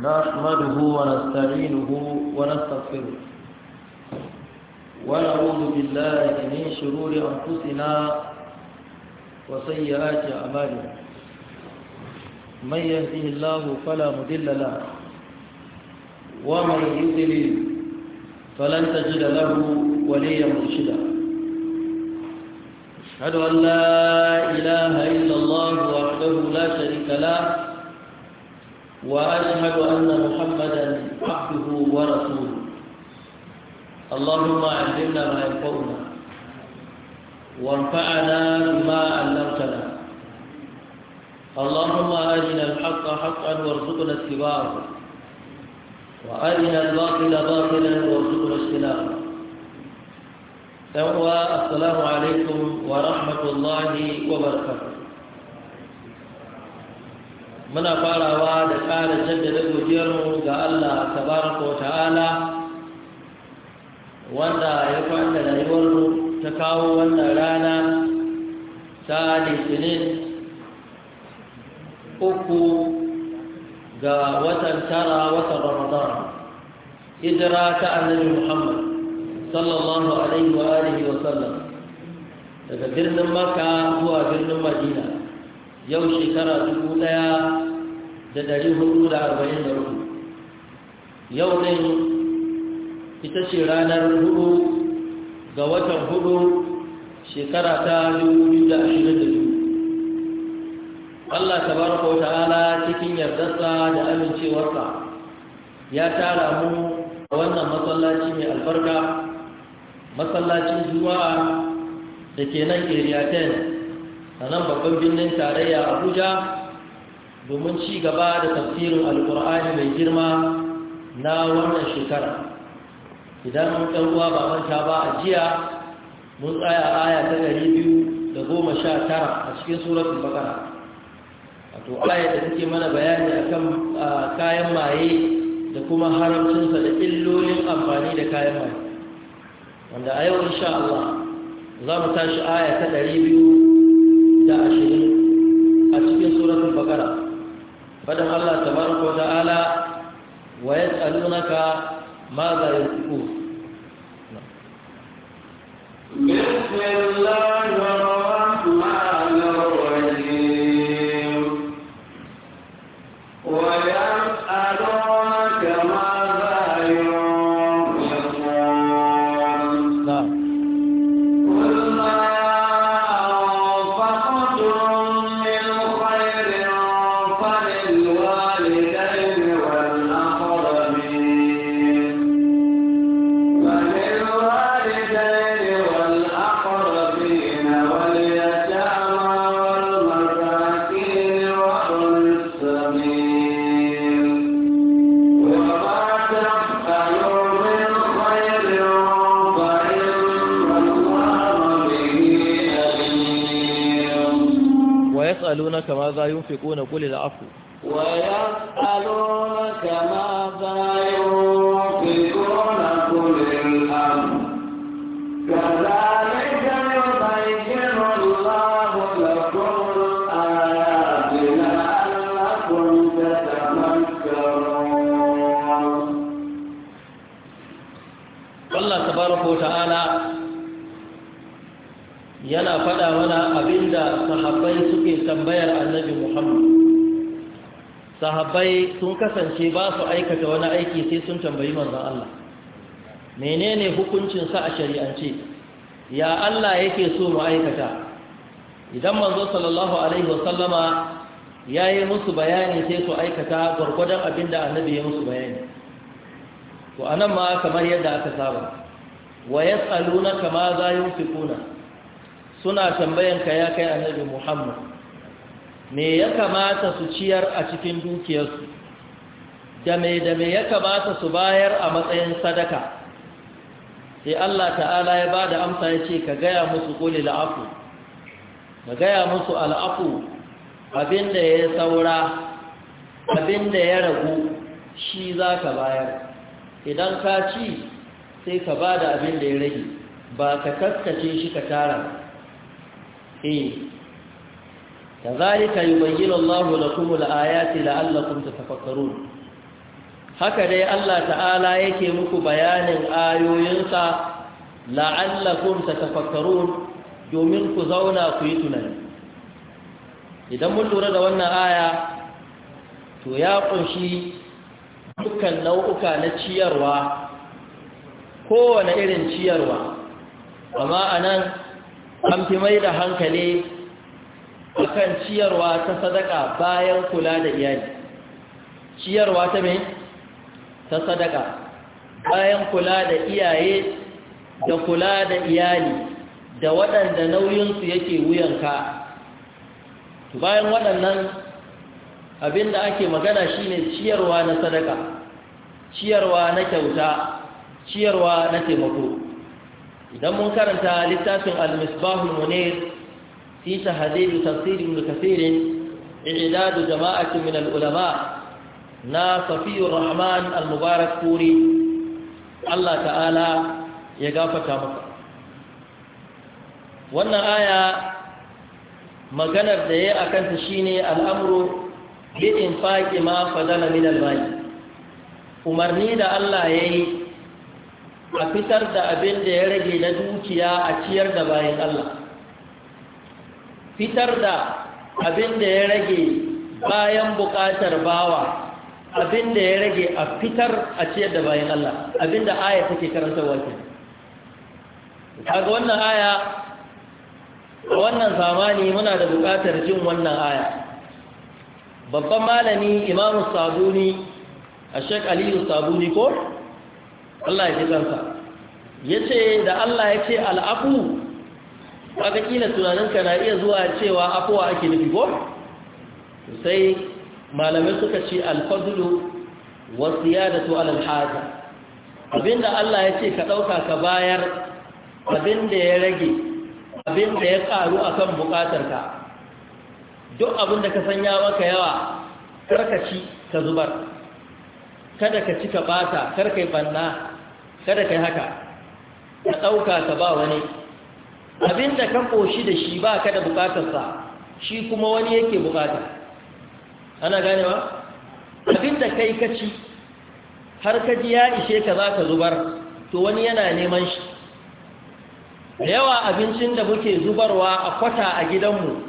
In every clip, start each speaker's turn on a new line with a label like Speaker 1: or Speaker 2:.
Speaker 1: نحمده ونستعينه ونستغفره ونعوذ بالله من شرور أنفسنا وسيئات أعمالنا من يهده الله فلا مضل له ومن يضلل فلن تجد له وليا مرشدا أشهد أن لا إله إلا الله وحده لا شريك له وأشهد أن محمدا عبده ورسوله اللهم علمنا ما ينفعنا وانفعنا بما علمتنا اللهم أرنا الحق حقا وارزقنا اتباعه وأرنا الباطل باطلا وارزقنا اجتنابه السلام عليكم ورحمة الله وبركاته muna farawa da ƙara jaddada godiyarmu ga Allah tabaraka wa ta'ala
Speaker 2: wanda ya kwanta rayuwarmu
Speaker 1: ta kawo wannan rana ta litinin uku ga watan tara watan ramadan hijira ta annabi muhammad sallallahu alaihi wa alihi wa sallam daga birnin maka zuwa birnin madina yau shekara dubu ɗaya da ɗari hudu da arba'in da hudu yau ɗin ita ce ranar hudu ga watan hudu shekara ta dubu biyu da ashirin da dubu. Allah Bar wa ta'ala cikin yardarsa da amincewarsa ya tara mu a wannan masallaci mai albarka masallacin zuwa da ke nan area 10 a nan babban birnin tarayya abuja domin ci gaba da tafsirin alkur'ani mai girma na wannan shekara idan ɗan uwa ba manta ba a jiya mun tsaya aya ta biyu da goma sha tara a cikin wato aya da take mana bayani a kan kayan maye da kuma haramcinsa da illolin amfani da kayan maye wanda a yau insha Allah za mu tashi aya ta biyu da ashirin a cikin suratun bakara فدم الله تبارك وتعالى ويسألونك ماذا ينفقون
Speaker 2: مثل
Speaker 1: ينفقون قل العفو
Speaker 2: ويسألونك ماذا ينفقون كل
Speaker 1: الأمر كذلك يبين الله لكم الآيات لعلكم تتفكرون الله تبارك وتعالى yana faɗa mana abinda sahabbai suke tambayar annabi Muhammad sahabbai sun kasance ba su aikata wani aiki sai sun tambayi manzon Allah menene hukuncin sa a shari'ance ya Allah yake so mu aikata idan manzo sallallahu alaihi wasallama yayi musu bayani sai su aikata abin abinda annabi ya musu bayani to anan ma kamar yadda aka saba wa yasaluna kama za kuna? suna tambayan ka ya kai annabi Muhammad me ya kamata su ciyar a cikin dukiyarsu da me da me ya kamata su bayar a matsayin sadaka sai Allah ta'ala ya bada amsa ya ce ka gaya musu kuli afu ka gaya musu al'afu abinda ya saura abinda ya ragu shi za ka bayar idan ka ci sai ka bada abinda ya rage ba ka kaskace shi ka tara eh kazalika yubayyinu Allahu lakum al-ayati la'allakum tatafakkarun haka dai Allah ta'ala yake muku bayanin ayoyinsa la'allakum tatafakkarun domin ku zauna ku yi tunani idan mun lura da wannan aya to ya kunshi dukkan nau'uka na ciyarwa kowane irin ciyarwa amma anan an fi mai da hankali a kan ciyarwa ta sadaka bayan kula da iyali ciyarwa ta mai ta sadaka bayan kula da iyaye da kula da iyali da waɗanda nauyinsu yake wuyanka bayan waɗannan abin da ake magana shine ciyarwa na sadaka ciyarwa na kyauta ciyarwa na taimako idan mun karanta littafin al-misbahul munir fi tahdhib tafsir ibn kathir i'dad jama'atin min al-ulama na safiyur rahman al-mubarak turi Allah ta'ala ya gafata maka wannan aya maganar da yayi akan ta shine al'amru bi infaqi ma fadala min al-mali umarni da Allah yayi a fitar da abin da ya rage na dukiya a ciyar da bayan Allah fitar da abin da ya rage bayan bukatar bawa abin da ya rage a fitar a ciyar da bayan Allah abin da aya take karanta wake kaga wannan aya wannan zamani muna da bukatar jin wannan aya babban malami imamu sabuni a shek aliyu sabuni ko Allah ya ji Ya ce da Allah yace al'afu kaga kila tunaninka na iya zuwa cewa afuwa ake nufi ko sai malamai suka ce alfadulu wasu ya da su abinda Allah ya ce ka ɗauka ka bayar abinda ya rage abinda ya ƙaru a kan bukatarka duk abinda ka sanya maka yawa karkaci ka zubar kada ka ci ka bata karkai banna kada kai haka ka ɗauka ka ba wani abinda ka koshi da shi ba ka da bukatarsa shi kuma wani yake bukata ana ganewa abinda kai ka ci har ka ji ya ishe ka za ka zubar to wani yana neman shi da yawa abincin da muke zubarwa a kwata a gidanmu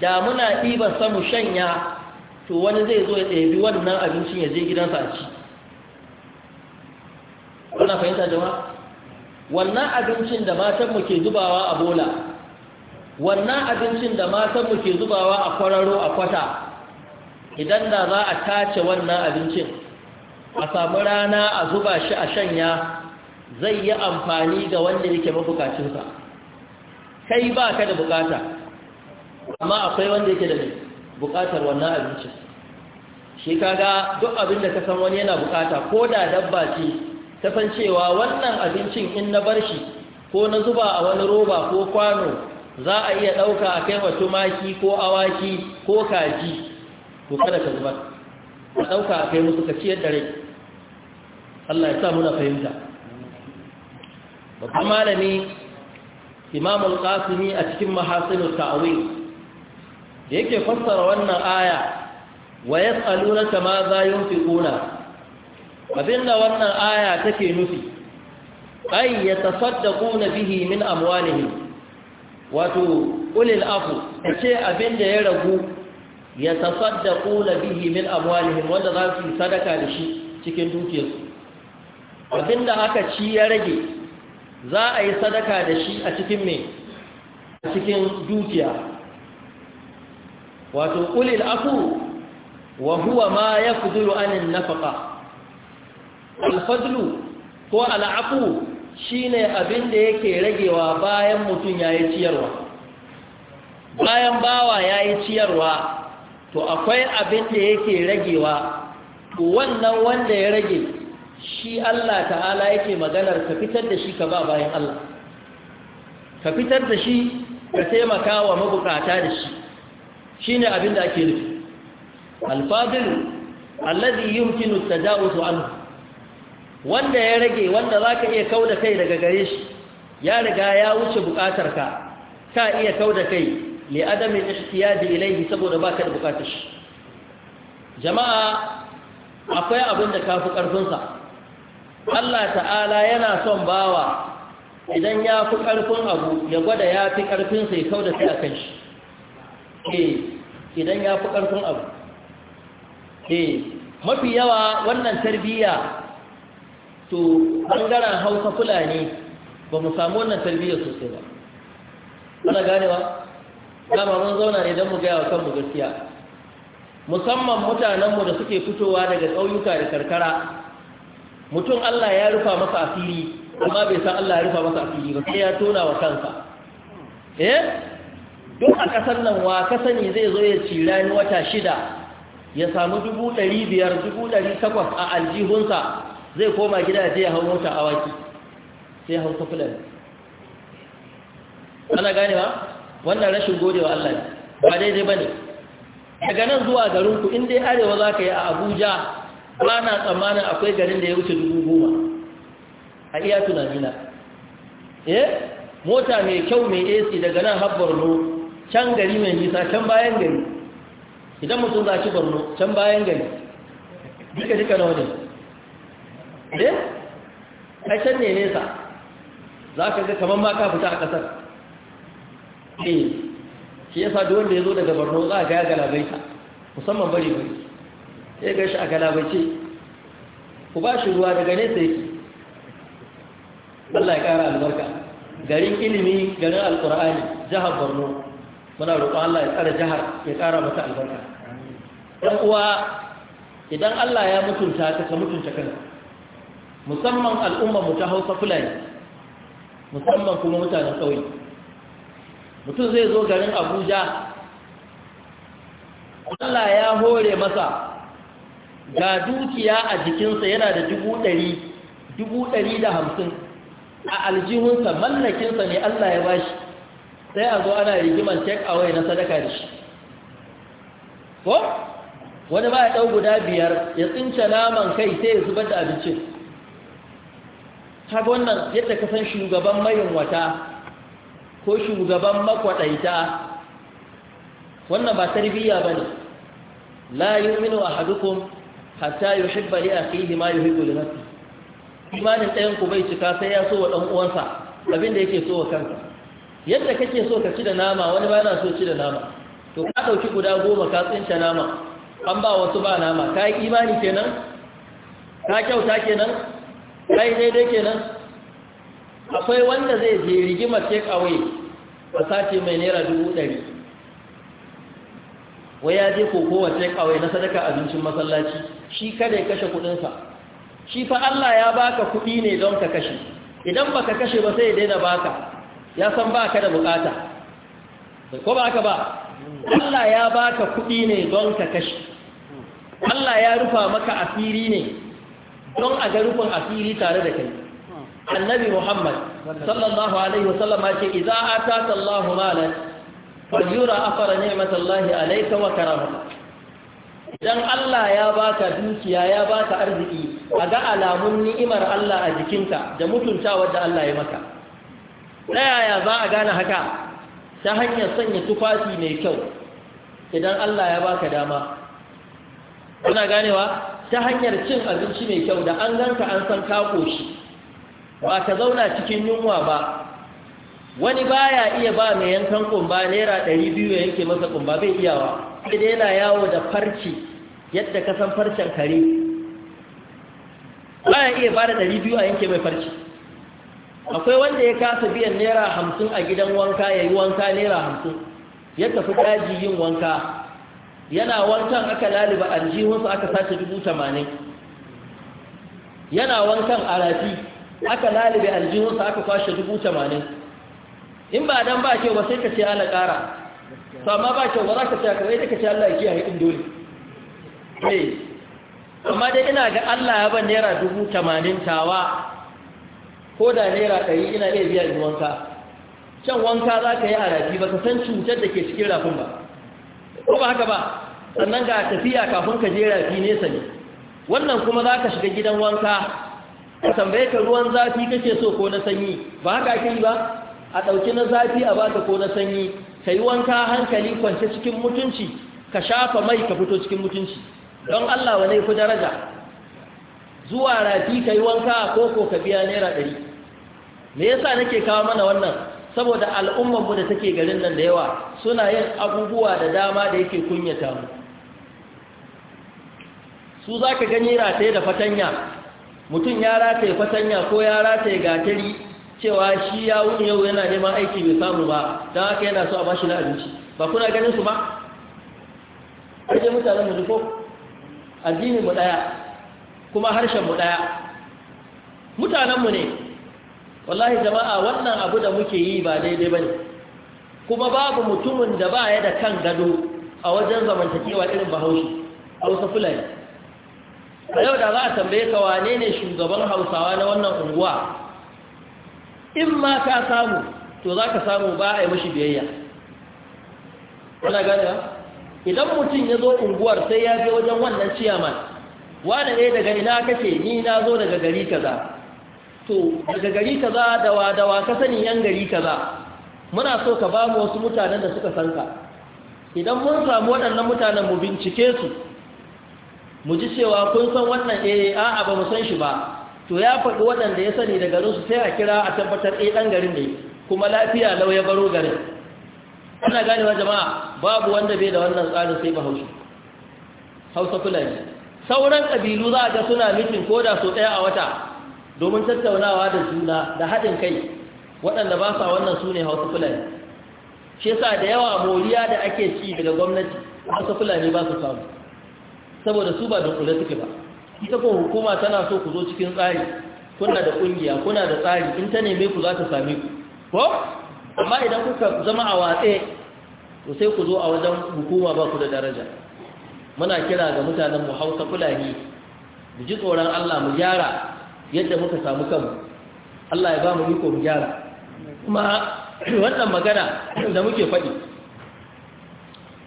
Speaker 1: da muna ɗiban samu shanya to wani zai zo ya ɗabi wannan abincin ya je gidansa a ci kuna fahimta jama'a wannan abincin da matanmu ke zubawa a bola wannan abincin da matanmu ke zubawa a kwararo a kwata idan da za a tace wannan abincin a samu rana a zuba shi a shanya zai yi amfani ga wanda yake mabukacinsa kai ba ka da bukata amma akwai wanda yake da bukatar wannan abincin shi kaga duk abin da ka san wani yana bukata ko da dabba ce ta san cewa wannan abincin in na bar shi ko na zuba a wani roba ko kwano za a iya ɗauka a kai wa tumaki ko awaki ko kaji ko kada ka zubar a ɗauka a kai musu ka ciyar da rai Allah ya sa muna fahimta babban malami imamul qasimi a cikin mahasinul ta'awil da yake fassara wannan aya wa yas'alunaka ma za yunfiquna abinda wannan aya take nufi ay yatasaddaquna bihi min amwalihim wato ulil afu ce abinda ya ragu yatasaddaquna bihi min amwalihim wanda za su sadaka da shi cikin dukiyarsu abinda aka ci ya rage za a yi sadaka da shi a cikin me a cikin dukiya wato ulil afu wa huwa ma yaqduru anin nafaqa alfadlu ko al'afu shine abin da yake ragewa bayan mutum yayi ciyarwa bayan bawa yayi ciyarwa to akwai abin da yake ragewa wannan wanda ya rage shi Allah ta'ala yake maganar ka fitar da shi ka ba bayan Allah ka fitar da shi ka taimaka wa mabukata da shi shine abin da ake nufi alfadil alladhi yumkinu at anhu wanda ya rage wanda za ka iya kau da kai daga gare shi ya riga ya wuce buƙatar ka ka iya kau da kai li adamin ihtiyadi ilaihi saboda baka da buƙatar shi jama'a akwai abin da kafi ƙarfinsa Allah ta'ala yana son bawa idan ya fi ƙarfin abu ya gwada ya fi ƙarfinsa ya kau da kai a kan shi eh idan ya fi ƙarfin abu eh mafi yawa wannan tarbiyya to bangaren hausa fulani ba mu samu wannan tarbiyyar sosai ba ana ganewa dama mun zauna ne don mu gaya wa kanmu gaskiya musamman mutanenmu da suke fitowa daga ƙauyuka da karkara mutum allah ya rufa masa asiri amma bai san allah ya rufa masa asiri ba sai ya tona wa kansa eh duk a ƙasar nan wa sani zai zo ya ci ni wata shida ya samu dubu ɗari biyar dubu ɗari takwas a aljihunsa zai koma gida zai ya hau mota awaki sai hau ta fulani ana gane ba wannan rashin gode wa Allah ba daidai ba ne daga nan zuwa garinku in dai arewa za ka yi a abuja bana tsammanin akwai garin da ya wuce dubu goma a iya tunanina eh mota mai kyau mai ac daga nan har borno can gari mai nisa can bayan gari idan mutum za shi borno can bayan gari duka duka na wajen eh ƙashen ne nesa za ka ga kamar ma ka fita a ƙasar eh shi yasa duk wanda ya zo daga borno za a ga galabaita musamman bari bari sai ga shi a galabaice ku ba shi ruwa daga nesa yake Allah ya ƙara albarka garin ilimi garin alƙur'ani jihar borno muna roƙon Allah ya tsara jihar ya ƙara mata albarka ɗan uwa idan Allah ya mutunta ka ka mutunta kanka musamman al'umma mu ta hausa fulani musamman kuma mutanen ƙauye mutum zai zo garin abuja Allah ya hore masa ga dukiya a jikinsa yana da dubu ɗari dubu ɗari da hamsin a aljihunsa mallakinsa ne Allah ya bashi sai a zo ana rigimar take away na sadaka da shi ko wani ba ya ɗau guda biyar ya tsince naman kai sai ya zubar da abincin ta wannan yadda ka san shugaban mayanwata ko shugaban makwaɗaita wannan ba tarbiyya ba ne la yi minu a hadukun hata yi shibba ne a fiye ma yi hudu da imanin ɗayanku bai cika sai ya so wa ɗan uwansa abin da yake so wa kanka yadda kake so ka ci da nama wani ba na so ci da nama to ka ɗauki guda goma ka tsince nama an ba wasu ba nama ka yi imani kenan ka kyauta kenan kai daidai kenan akwai wanda zai je rigimar take away ba sati mai naira dubu ɗari wai ya je kokowa take away na sadaka abincin masallaci shi kada ya kashe kuɗinsa shi fa Allah ya baka kuɗi ne don ka kashe idan baka kashe ba sai ya daina baka ya san baka da bukata ko ba ka ba Allah ya baka kuɗi ne don ka kashe Allah ya rufa maka asiri ne don a ga rufin asiri tare da kai annabi muhammad sallallahu alaihi wasallam ya ce idza ataka allah malan falyura afara ni'matallahi alayka wa karamata idan allah ya baka dukiya ya baka arziki a ga alamun ni'imar allah a jikinka da mutuntawa da allah ya maka ta yaya za a gane haka ta hanyar sanya tufafi mai kyau idan allah ya baka dama kuna ganewa ta hanyar cin abinci mai kyau da an ganka an san ka shi. ba ka zauna cikin yunwa ba wani baya iya ba mai yankan kumba naira ɗari biyu ya yanke masa kumba bai iyawa sai dai yana yawo da farci yadda ka san farcen kare baya iya ba da ɗari biyu a yanke mai farci akwai wanda ya kasa biyan naira hamsin a gidan wanka ya yi wanka naira hamsin ya tafi daji yin wanka yana wankan aka laliba aljihunsu aka sace dubu tamanin yana wankan arafi aka laliba aljihunsa aka kwashe dubu tamanin in ba dan ba kyau ba sai ka ce ala ƙara to amma ba kyau ba za ka ce aka wai ka ce Allah ya kiyaye in dole eh amma dai ina ga Allah ya ban naira dubu tamanin tawa ko da naira ɗari ina iya biya in wanka can wanka za ka yi arafi ba ka san cutar da ke cikin rafin ba ko ba haka ba sannan ga tafiya kafin ka je rafi nesa ne wannan kuma za ka shiga gidan wanka ka tambaye ka ruwan zafi kake so ko na sanyi ba haka ake yi ba a ɗauki na zafi a baka ko na sanyi ka yi wanka hankali kwance cikin mutunci ka shafa mai ka fito cikin mutunci don Allah wa ku daraja zuwa rafi ka yi wanka ko ko ka biya naira ɗari me yasa nake kawo mana wannan saboda al'ummar mu da take garin nan da yawa suna yin abubuwa da dama da yake kunyata mu su za ka gani rataye da fatanya mutum ya rataye fatanya ko ya rataye gatari cewa shi ya wuni yau yana neman aiki bai samu ba don haka yana so a bashi na abinci ba kuna ganin su ba ƙarfe mu mu ɗaya kuma harshen mu ɗaya mutanen mu ne wallahi jama'a wannan abu da muke yi ba daidai ba ne, kuma babu mutumin da ba ya da kan gado a wajen zamantakewa irin bahaushe hausa fulani a yau da za a tambaye ka wane ne shugaban hausawa na wannan unguwa in ma ka samu to za ka samu ba a yi mashi biyayya idan mutum ya zo unguwar sai ya je wajen wannan ciyaman wane ne daga ina kake ni na zo daga gari kaza to daga gari kaza da wa ka sani yan gari kaza muna so ka ba mu wasu mutanen da suka san ka idan mun samu waɗannan mutanen mu bincike su mu ji cewa kun san wannan eh a'a ba mu san shi ba to ya faɗi waɗanda ya sani daga su sai a kira a tabbatar eh ɗan garin ne kuma lafiya lau ya baro garin ana ganewa jama'a babu wanda bai da wannan tsarin sai bahaushe hausa kula ne. sauran ƙabilu za a ga suna mitin ko da so ɗaya a wata domin tattaunawa da suna da haɗin kai waɗanda ba sa wannan su ne hausa fulani shi sa da yawa moriya da ake ci daga gwamnati hausa fulani ba su samu saboda su ba da kula suke ba ita ko hukuma tana so ku zo cikin tsari kuna da ƙungiya kuna da tsari in ta neme ku za ta sami ku ko amma idan kuka zama a watse to sai ku zo a wajen hukuma ba ku da daraja muna kira ga mutanen mu hausa fulani mu ji tsoron Allah mu gyara yadda muka samu kanmu Allah ya ba mu iko mu gyara kuma wannan magana da muke faɗi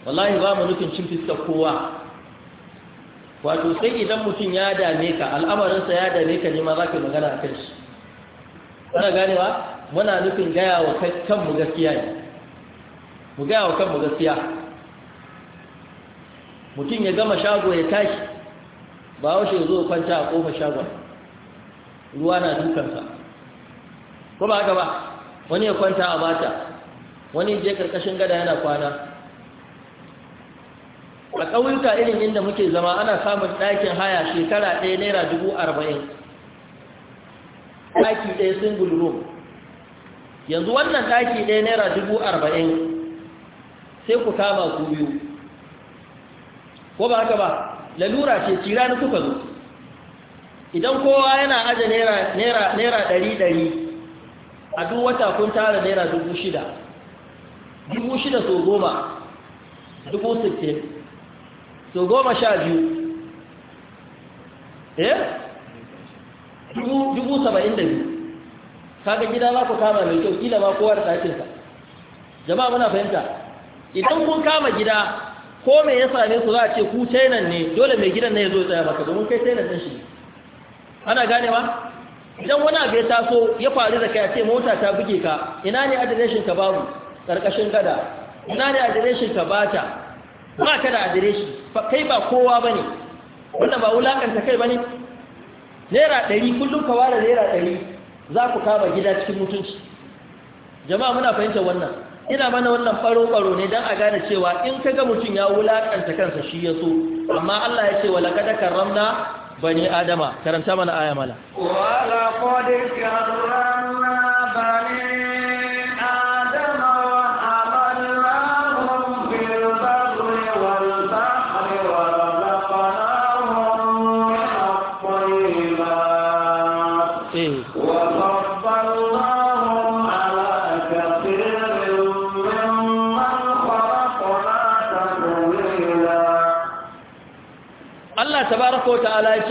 Speaker 1: wallahi ba mu nufin cin fiskar kowa wato sai idan mutum ya dame ka al'amarinsa ya dame ka ne ma za ka magana a kai shi kana ganewa muna nufin gaya wa kanmu gaskiya ne mu gaya wa kanmu gaskiya mutum ya gama shago ya tashi ba wasu ya zo kwanta a kofar shagon ruwa na dukansa ko ba haka ba wani ya kwanta a bata wani je karkashin gada yana kwana a ƙauyuka irin inda muke zama ana samun ɗakin haya shekara ɗaya naira dubu arba'in ɗaki ɗaya single room yanzu wannan ɗaki ɗaya naira dubu arba'in sai ku kama ku biyu ko ba haka ba lalura ce tira ni kuka zo idan kowa yana aje naira ɗari-ɗari a duk wata kun tara naira dubu shida dubu shida so goma dubu sittin so goma sha biyu eh dubu saba'in da biyu kaga gida za ku kama mai kyau kila ma kowa da ɗakinsa jama'a muna fahimta idan kun kama gida ko mai ya same su za a ce ku tainan ne dole mai gidan na ya zo tsaya maka domin kai tainan ɗin shi ana ganewa idan wani abu ya taso ya faru da kai ce mota ta buge ka ina ne adireshin ka babu karkashin gada ina ne adireshin ka bata ba ka da adireshi kai ba kowa bane wannan ba wulakanta kai bane naira ɗari kullum ka ware naira ɗari za ku kama gida cikin mutunci jama'a muna fahimtar wannan ina mana wannan faro faro ne dan a gane cewa in ka ga mutum ya wulakanta kansa shi ya so amma allah ya ce wa laƙadakar karramna. bani adama karanta mana aya mala wa laqad kana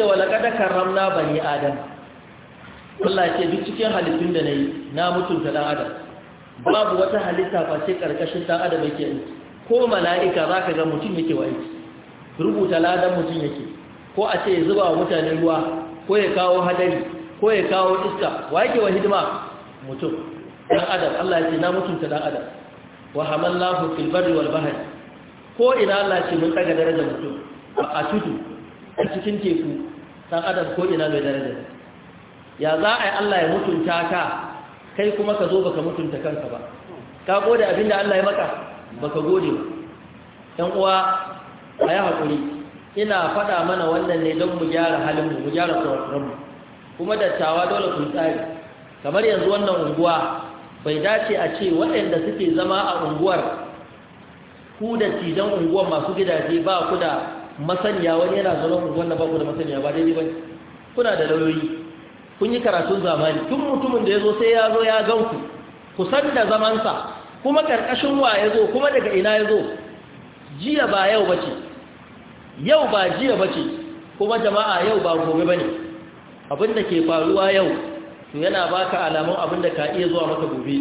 Speaker 1: ce wa laƙada karamna bani adam Allah ce duk cikin halittun da na yi na mutunta ɗan adam babu wata halitta face ƙarƙashin ɗan adam yake yi ko mala'ika za ka ga mutum yake wa aiki rubuta ladan mutum yake ko a ce ya zuba wa mutane ruwa ko ya kawo hadari ko ya kawo iska wa yake wa hidima mutum ɗan adam Allah ya ce na mutunta ɗan adam wa hamallahu fil barri wal bahri ko ina Allah ce mun daga darajar mutum a tutu a cikin teku san adam ko ina mai daraja ya za a yi Allah ya mutunta ka kai kuma ka zo baka mutunta kanka ba ka gode abinda Allah ya maka Ba ka gode ba ɗan uwa a yi haƙuri ina faɗa mana wannan ne don mu gyara halinmu mu gyara kuma dattawa dole kun tsari kamar yanzu wannan unguwa bai dace a ce waɗanda suke zama a unguwar ku da cizon unguwar masu gidaje ba ku da masaniya wani yana zama mu wannan ba da masaniya ba daidai ba kuna da lauyoyi kun yi karatun zamani tun mutumin da ya zo sai ya zo ya gan ku ku san da zamansa kuma karkashin wa ya zo kuma daga ina ya zo jiya ba yau ba yau ba jiya ba kuma jama'a yau ba gobe ba ne abin da ke faruwa yau to yana baka alamun abin da ka iya zuwa maka gobe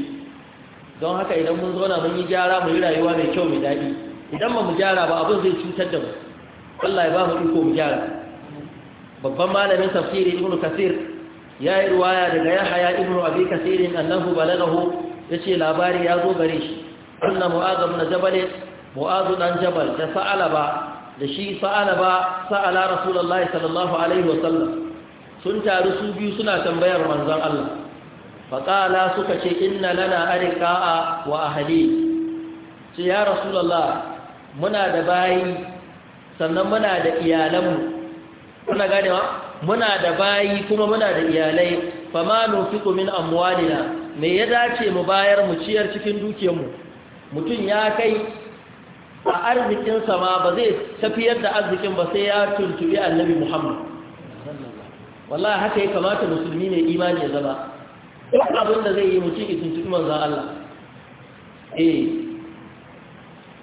Speaker 1: don haka idan mun zo na mun yi gyara mu yi rayuwa mai kyau mai daɗi idan ba mu gyara ba abin zai cutar da mu Allah ya ba mu iko mu gyara babban malamin tafsiri ibnu kasir ya yi ruwaya daga yahaya ibnu abi kasirin annahu balagahu yace labari ya zo gare shi anna mu'adh ibn jabal mu'adh dan jabal da sa'alaba da shi sa'alaba sa'ala rasulullahi sallallahu alaihi wasallam sun taru su biyu suna tambayar manzon Allah faqala suka ce inna lana ariqa'a wa ahli ce ya rasulullah muna da bayi sannan muna da iyalanmu kuna wa muna da bayi kuma muna da iyalai fa ma nufiqu min amwalina me ya dace mu bayar mu ciyar cikin dukiyarmu mutum ya kai a arzikinsa ma ba zai tafiyar da arzikin ba sai ya tuntubi annabi Muhammad wallahi haka ya kamata musulmi ne imani ya zama duk abin da zai yi mutum ya tuntubi manzo Allah eh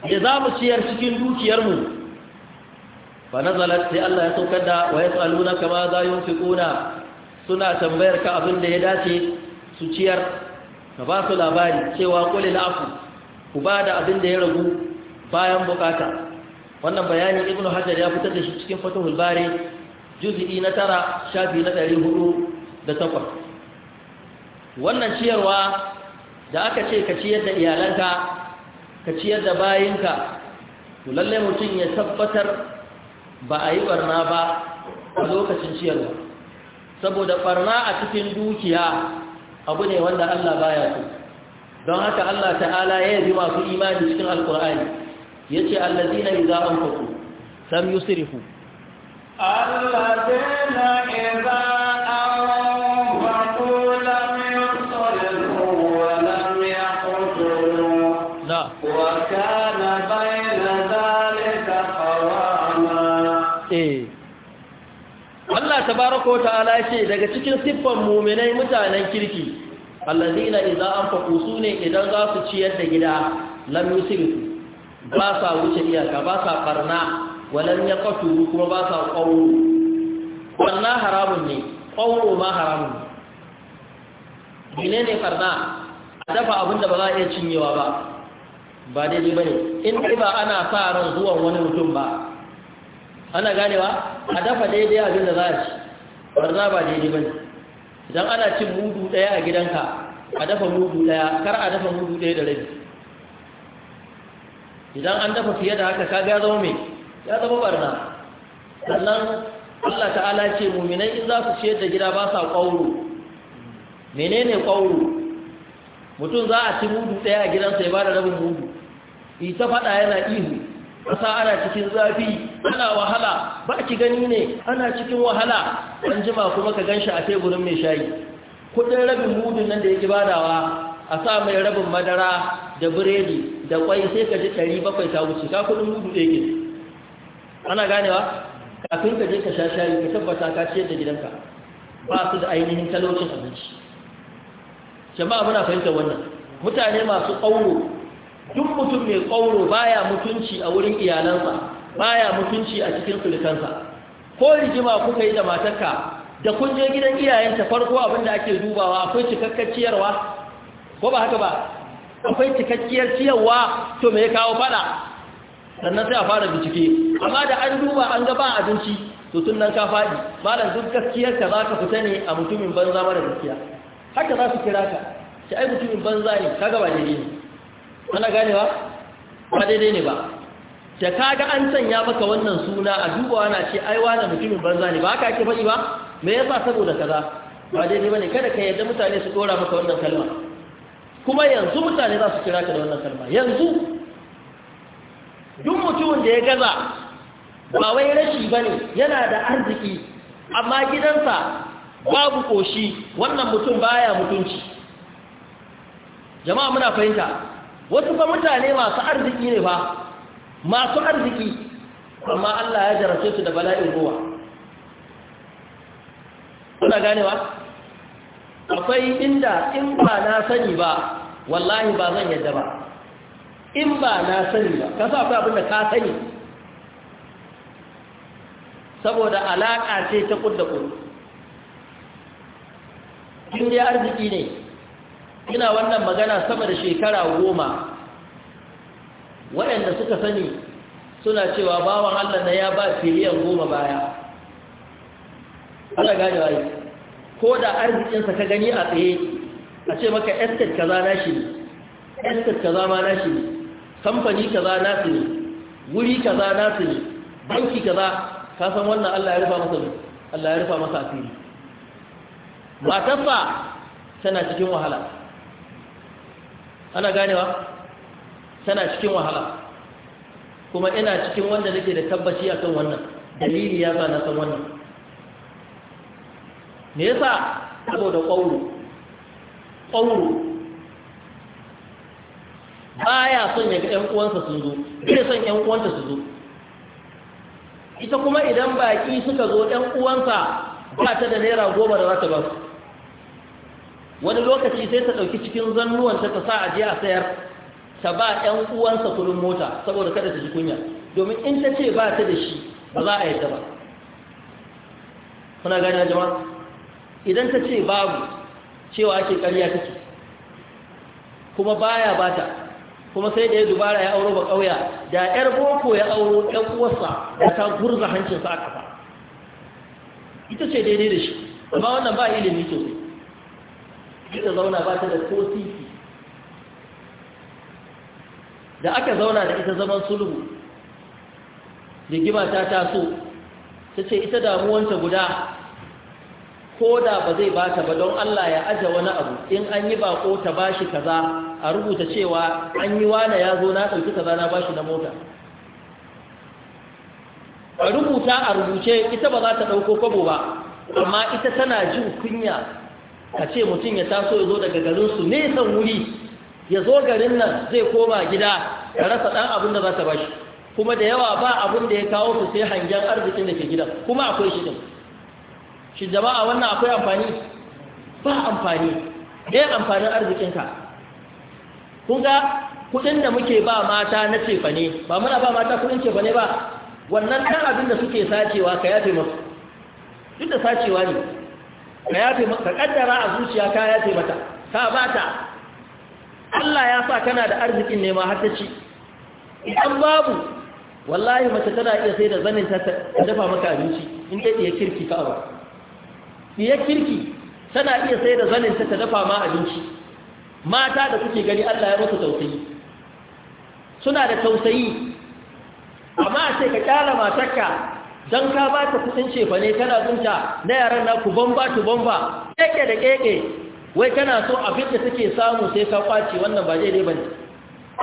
Speaker 1: Ya za mu ciyar cikin dukiyarmu fanazalat sai Allah ya saukar da wa yasaluna kama za yunfiquna suna tambayar ka abin da ya dace su ciyar ka ba su labari cewa qul afu ku ba da abin da ya ragu bayan bukata wannan bayanin ibnu hajar ya fitar da shi cikin fatuhul bari juz'i na tara shafi na da takwas. wannan ciyarwa da aka ce ka ciyar da iyalanka ka ciyar da bayinka to lalle mutum ya tabbatar ba a yi barna ba a lokacin ciyarwa saboda barna a cikin dukiya abu ne wanda Allah baya so don haka Allah ta'ala ya yabi masu imani cikin alkur'ani yace allazina idza sam lam yusrifu
Speaker 2: allazina
Speaker 1: Allah tabaraka wa ta'ala ce daga cikin siffan mu'minai mutanen kirki allazina idza anfaqu sune idan za su ciyar da gida lam yusrifu ba sa wuce iyaka ba sa farna walan yaqtu kuma ba sa qawlu Farna haramun ne qawlu ma haramun ne ne farna a dafa abin da ba za a iya cinyewa ba ba daidai bane in dai ba ana sa ran zuwan wani mutum ba ana ganewa a dafa daidai abin da za a ci barna ba daidai bane idan ana cin mudu daya a gidanka a dafa mudu daya kar a dafa mudu daya da rabi idan an dafa fiye da haka kaga ya zama mai ya zama barna sannan Allah ta'ala ce muminai in za su ce da gida ba sa ƙwauro menene ƙwauro mutum za a ci mudu ɗaya a gidansa ya ba da rabin mudu ita faɗa yana ihu ƙasa ana cikin zafi ana wahala ba ki gani ne ana cikin wahala an jima kuma ka ganshi a teburin mai shayi kudin rabin mudun nan da yake badawa a sa mai rabin madara da biredi da kwai sai ka ji 700 ta wuce ka kudin mudu da yake ana ganewa kafin ka je ka sha shayi ka tabbata ka ciyar da gidanka ba su da ainihin talocin abinci jama'a muna fahimtar wannan mutane masu ƙauro duk mutum mai ƙauro baya mutunci a wurin iyalansa baya mutunci a cikin sulikansa ko rigima kuka yi da matarka da kun je gidan iyayenta farko abin da ake dubawa akwai cikakkiyar ciyarwa ko ba haka ba akwai cikakkiyar ciyarwa to me ya kawo fada sannan sai a fara bincike amma da an duba an ga ba abinci to tun nan ka faɗi malam duk gaskiyar ka za ka fita ne a mutumin banza mara gaskiya haka za su kira ka shi ai mutumin banza ne ka gaba daidai ne ana ganewa ba daidai ne ba da kaga an sanya maka wannan suna a duba na ce ai wani mutumin banza ne ba haka ake faɗi ba me yasa saboda kaza ba daidai bane kada ka yadda mutane su dora maka wannan kalma kuma yanzu mutane za su kira ka da wannan kalma yanzu duk mutumin da ya gaza ba wai rashi bane yana da arziki amma gidansa babu koshi wannan mutum baya mutunci jama'a muna fahimta wasu fa mutane masu arziki ne ba masu arziki amma Allah ya jarace su da bala'in ruwa kuna ganewa akwai inda in ba na sani ba wallahi ba zan yadda ba in ba na sani ba ka akwai abin ka sani saboda alaƙa ce ta ƙudda ƙudu Kin dai arziki ne ina wannan magana sama da shekara goma waɗanda suka sani suna cewa bawan Allah na ya ba filiyan goma baya ana gane wa ko da arzikinsa ka gani a tsaye a ce maka estate kaza na shi estate kaza ma na shi kamfani kaza na su ne wuri kaza na su ne banki kaza ka san wannan Allah ya rufa masa Allah ya rufa masa asiri matarsa tana cikin wahala ana ganewa tana cikin wahala kuma ina cikin wanda nake da tabbaci akan wannan dalili ya sa na san wannan me yasa saboda ƙauru ƙauru ya son ya ga ƴan uwansa sun zo ina son ƴan uwanta su zo ita kuma idan baƙi suka zo 'yan uwansa ba ta da naira goma da za ta ba su wani lokaci sai ta ɗauki cikin zannuwanta ta sa a je a sayar ta ba ɗan uwansa kudin mota saboda kada ta ji kunya domin in ta ce ba ta da shi ba za a yadda ba kuna gani jama'a idan ta ce babu cewa ake ƙarya take kuma baya ba ta, kuma sai da ya dubara ya auro ba ƙauya da ƴar boko ya auro ɗan uwarsa da ta gurza hancinsa a ƙafa ita ce daidai da shi amma wannan ba ilimi sosai ita zauna ba ta da ko titi da aka zauna da ita zaman sulhu rigima ta taso ta ce ita damuwanta guda ko da ba zai bata ba don Allah ya aje wani abu in an yi bako ta bashi kaza a rubuta cewa an yi wane ya zo na ɗauki kaza na bashi na mota a rubuta a rubuce ita ba za ta ɗauko kwabo ba amma ita tana jin kunya a ce mutum ya taso ya zo daga garinsu nesan wuri ya zo garin nan zai koma gida ya rasa ɗan abin da za ta bashi kuma da yawa ba abin da ya kawo su sai hangen arzikin da ke gidan kuma akwai shi din shi jama'a wannan akwai amfani ba amfani ɗaya amfanin arzikinka kun ga kuɗin da muke ba mata na cefa ne ba muna ba mata kuɗin cefa ne ba wannan ɗan abin da suke sacewa ka yafe masu duk da sacewa ne ka yafe ka kaddara a zuciya ka yafe mata ka ba ta Allah ya sa kana da arzikin nema har ta ci idan babu wallahi mace tana iya sai da zanin ta dafa maka abinci in dai iya kirki ka ba iya kirki tana iya sai da zanin ta ta dafa ma abinci mata da suke gani Allah ya musu tausayi suna da tausayi amma sai ka kyara matarka don ka ba ta kudin cefa tana zunta na yaran naku bamba tu bamba keke da keke wai kana so abin da take samu sai ka kwace wannan ba zai ba ne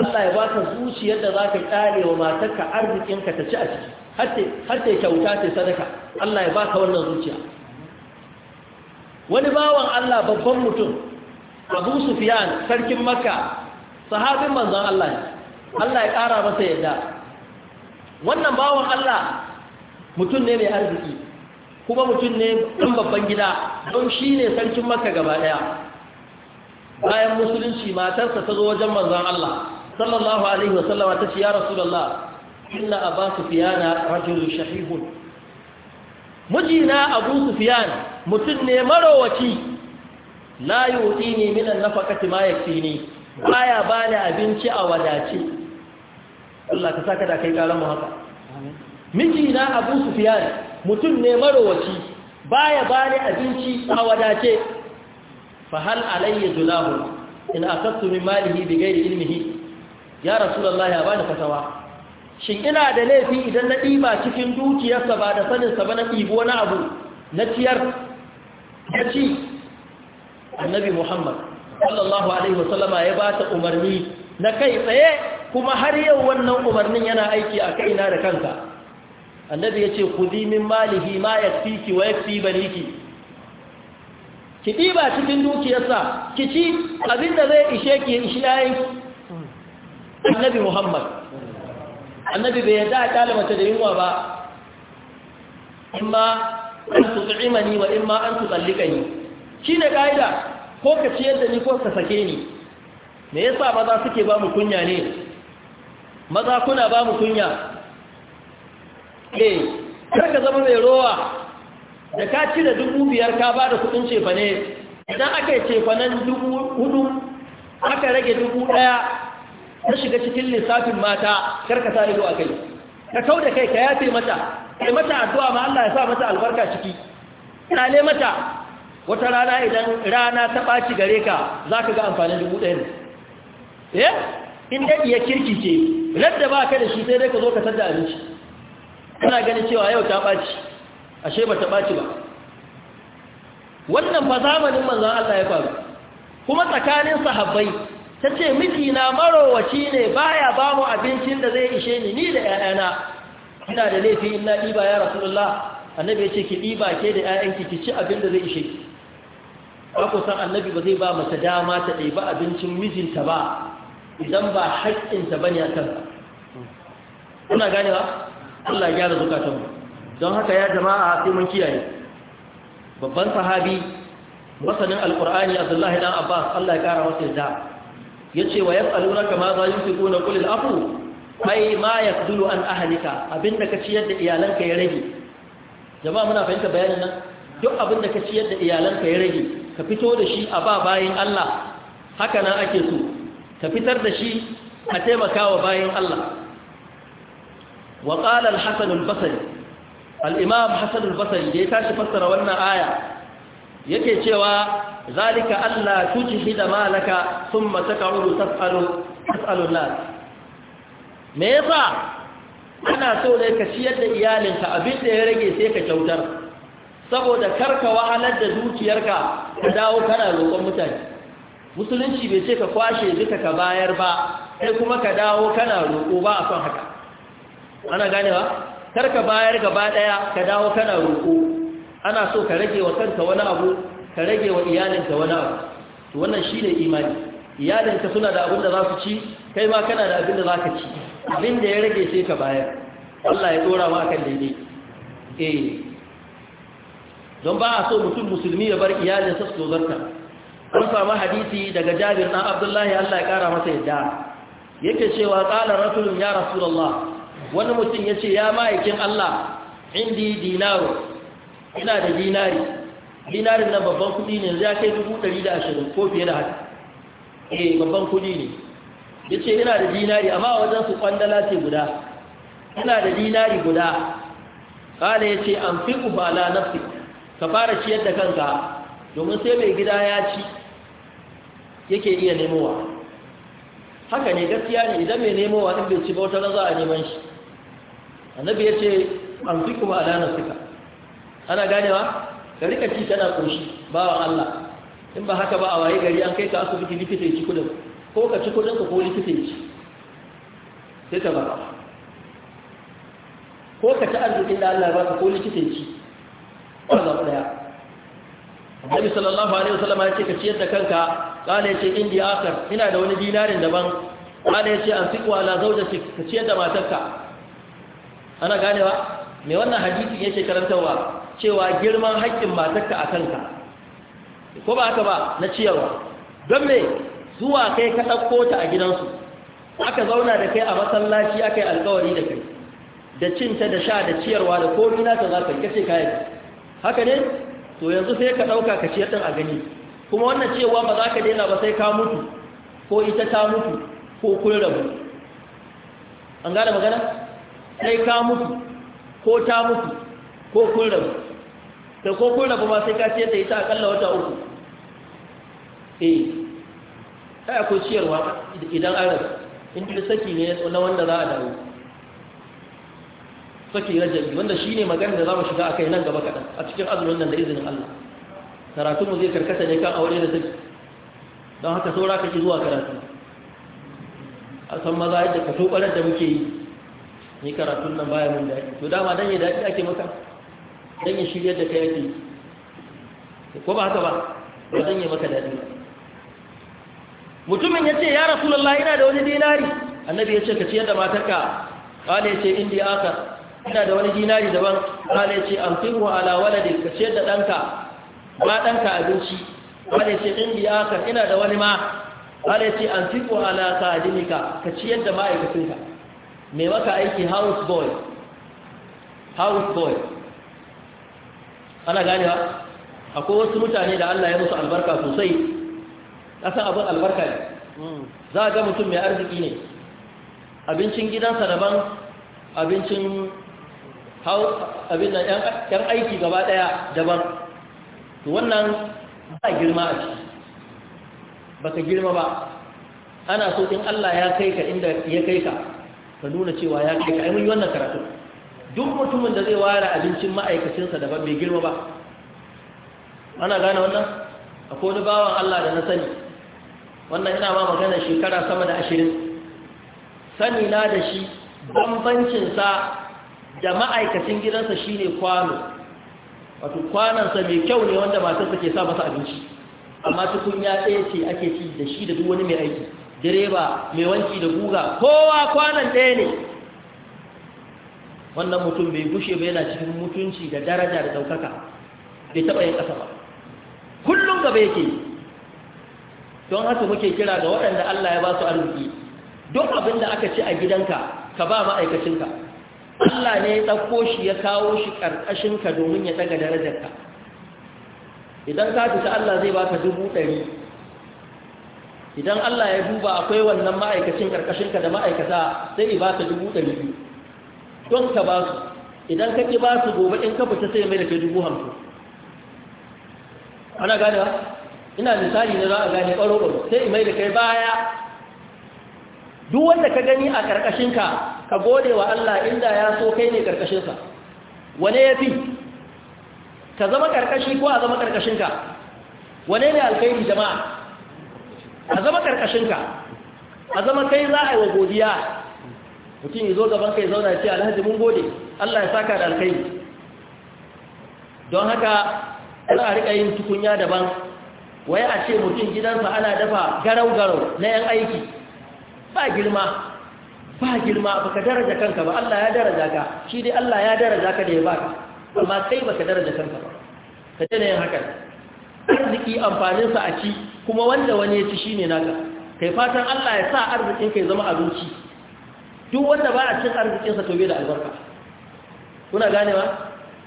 Speaker 1: Allah ya baka zuciyar da zaka kare wa matarka arzikin ka ta ci a ciki har ta har kyauta ta sadaka Allah ya baka wannan zuciya wani bawan Allah babban mutum Abu Sufyan sarkin Makka sahabin manzon Allah ne Allah ya kara masa yadda wannan bawan Allah mutum ne mai arziki kuma mutum ne ɗan babban gida don shi ne sarkin maka gaba ɗaya bayan musulunci matarsa ta zo wajen manzon Allah sallallahu alaihi wasallam ta ce ya rasulullah inna aba sufyana rajulun shahihun mijina abu sufyan mutum ne marowaci la yutini min an-nafaqati ma yakfini baya bani abinci a wadace Allah ka saka da kai karan mu haka mijina abu sufyan mutum ne marowaci baya bani abinci a wadace fa hal alayya junahun in akattu min malihi bi ghairi ilmihi ya rasulullah ya bani fatawa shin ina da laifi idan na diba cikin dukiyarsa ba da sanin sa ba na dibo wani abu na ciyar ci annabi muhammad sallallahu alaihi wasallama ya ba ta umarni na kai tsaye kuma har yau wannan umarnin yana aiki a kaina da kanka annabi ya ce kudi min malihi ma ki wa yakfi baniki ki ɗiba cikin dukiyarsa ki ci abinda zai ishe ki ishi yayin annabi muhammad annabi bai yadda a ƙala mace da yunwa ba in ma an tutsima ni wa in ma an su tsallika ni shi ne ƙa'ida ko ka ciyar da ni ko ka sake ni me yasa maza suke ba mu kunya ne maza kuna ba mu kunya eh kar ka zama mai rowa da ka cire dubu biyar ka ba da kudin cefa ne idan aka yi nan dubu hudu aka rage dubu daya ta shiga cikin lissafin mata karka sa ido a kai ka kau da kai ka yafe mata kai mata addu'a ma Allah ya sa mata albarka ciki ne mata wata rana idan rana ta ɓaci gare ka za ka ga amfanin dubu ɗaya ne eh in daɗi ya kirki ce ladda ba ka da shi sai dai ka zo ka sadda abinci kana ganin cewa yau ta ɓaci ashe ba ta ɓaci ba wannan fa zamanin manzan Allah ya faru kuma tsakanin sahabbai ta ce miki na marowaci ne baya ba mu abincin da zai ishe ni ni da 'ya'yana ina da laifin in na ɗiba ya rasulullah annabi ya ce ki ɗiba ke da 'ya'yanki ki ci abin da zai ishe ki ba ku san annabi ba zai ba mace dama ta ɗaiba abincin mijinta ba idan ba haƙƙinta ba ne a kansa kuna ganewa Allah ya gyara zukatanmu don haka ya jama'a sai mun kiyaye babban sahabi masanin alqur'ani abdullahi dan abbas Allah ya kara masa Ya yace wa yas'alunaka ma za yunfiquna qul al-afu ai ma yaqdulu an ahlika abinda ka ciyar da iyalanka ya rage jama'a muna fahimta bayanin nan duk abinda ka ciyar da iyalanka ya rage ka fito da shi a ba bayan Allah haka nan ake so ka fitar da shi a taimakawa bayan Allah wa qala Basari. al-imam al-basri da ya tashi fassara wannan aya yake cewa zalika tuji hida malaka thumma taqulu tasalu tasalu nas me yasa ana so da ka ciyar da iyalinka abin da ya rage sai ka kyautar saboda karka wahalar da dukiyarka ka dawo kana roƙon mutane musulunci bai ce ka kwashe duka ka bayar ba sai kuma ka dawo kana roƙo ba a son haka ana ganewa kar ka bayar gaba daya ka dawo kana roƙo ana so ka rage wa kanka wani abu ka rage wa iyalinka wani abu to wannan shine imani iyalinka suna da abin da za su ci kai ma kana da abin da za ka ci abin da ya rage sai ka bayar Allah ya dora ma akan daidai eh don ba a so mutum musulmi ya bar iyalinsa su zarta an samu hadisi daga jabir dan abdullahi Allah ya kara masa yadda yake cewa qala rasulun ya rasulullah wani mutum ya ce ya ma'aikin Allah indi dinaro ina da dinari dinarin nan babban kudi ne ya kai dubu ɗari da ashirin ko fiye da haka eh babban kudi ne ya ce ina da dinari amma wajen su kwandala ce guda ina da dinari guda kala ya ce an fi ubala na fi ka fara ciyar da kanka domin sai mai gida ya ci yake iya nemowa haka ne gaskiya ne idan mai nemowa ɗin bai ci bauta na za a neman shi annabi ya ce an fi kuma alana suka ana ganewa ka rika ci tana ƙoshi bawan Allah in ba haka ba a waye gari an kai ka asibiti likita ya ci kudin ko ka ci kudin ka ko likita ya ci sai ta bara ko ka ci arzikin da Allah ba ka ko likita ya ci ba za ku daya Annabi sallallahu alaihi wasallam ya ce ka ciyar da kanka kana ya ce indi akar ina da wani dinarin daban kana ya ce an fi wa la zaujati ka ciyar da matarka ana ganewa me wannan hadisi yake karantarwa cewa girman haƙƙin matarka a kanka ko ba haka ba na ciyarwa don me zuwa kai ka ɗauko ta a gidansu aka zauna da kai a masallaci aka yi alkawari da kai da cinta da sha da ciyarwa da komi na ta za ka kayan haka ne to yanzu sai ka ɗauka ka ciyar ɗin a gani kuma wannan ciyarwa ba za ka daina ba sai ka mutu ko ita ta mutu ko kun rabu an gane magana sai ka mutu ko ta mutu ko kun rabu da ko kun rabu ma sai ka ce da ita akalla wata uku eh ta akwai ciyarwa idan an rabu in ji saki ne na wanda za a dawo saki rajabi wanda shi ne magana da za mu shiga a kai nan gaba kaɗan a cikin azumin nan da izinin Allah mu zai karkata ne kan aure da saki don haka saura kake zuwa karatu a san maza yadda ka tobarar da muke yi ni karatun nan baya mun daɗi to dama dan ya daɗi ake maka dan ya shirya da kai ake ko ba haka ba ba dan ya maka daɗi mutumin ya ce ya rasulallah ina da wani dinari annabi ya ce ka ciyar da matarka kala ya ce indi aka ina da wani dinari daban kala ya ce amfihu ala waladi ka ciyar da ɗanka ba ɗanka abinci kala ya ce indi aka ina da wani ma kala ya ce amfihu ala kadimika ka ciyar da ma'aikacinka mai maka aiki house boy house boy ana gane ba akwai wasu mutane da Allah ya musu albarka sosai san abin albarka ne hmm. za a ga mutum mai arziki ne abincin gidansa daban abincin abin da yan aiki gaba daya daban to wannan ba girma a ciki baka girma ba ana so in Allah ya kai ka inda ya kai ka ka nuna cewa ya kai mun yi wannan karatu duk mutumin da zai ware abincin ma'aikacinsa daban bai girma ba ana gane wannan akwai wani bawan Allah da na sani wannan ina ma magana shekara sama da ashirin sani na da shi bambancinsa da ma'aikacin gidansa shine kwano wato kwanansa mai kyau ne wanda matarsa ke sa masa abinci amma tukunya ɗaya ce ake ci da shi da duk wani mai aiki direba mai wanki da guga kowa kwanan ɗaya ne wannan mutum bai gushe ba yana cikin mutunci da daraja da ɗaukaka bai taɓa yin ƙasa ba kullum gaba yake don haka muke kira ga waɗanda Allah ya ba su arziki duk abin da aka ci a gidanka ka ba ma'aikacinka Allah ne ya ɗauko shi ya kawo shi ƙarƙashinka domin ya ɗaga darajarka idan ka fita Allah zai baka dubu ɗari idan Allah ya duba akwai wannan ma'aikacin karkashinka da ma'aikata sai i ba ta dubu ɗari biyu don ka ba su idan ka ƙi ba su gobe in ka fita sai mai da ke dubu hamsin ana gane ba ina misali na za a gane ɓaro-ɓaro sai in mai da kai baya duk wanda ka gani a karkashinka ka gode wa Allah inda ya so kai ne karkashinsa wane ya fi ka zama karkashi ko a zama karkashinka wane ne alkhairi jama'a a zama ka, a zama kai za a yi wa godiya mutum ya zo gaban kai zauna ya ce alhaji mun gode Allah ya saka da alkai don haka za a riƙa yin tukunya daban wai a ce mutum gidansa ana dafa garau-garau na 'yan aiki ba girma ba girma baka daraja kanka ba Allah ya daraja ka shi dai Allah ya daraja ka da ya baka amma kai baka daraja kanka ba ka na yin hakan arziki amfaninsa a ci kuma wanda wani ya ci shi ne naka kai fatan Allah ya sa arzikin kai zama abinci duk wanda ba a cin arzikin sa to bai da albarka kuna ba?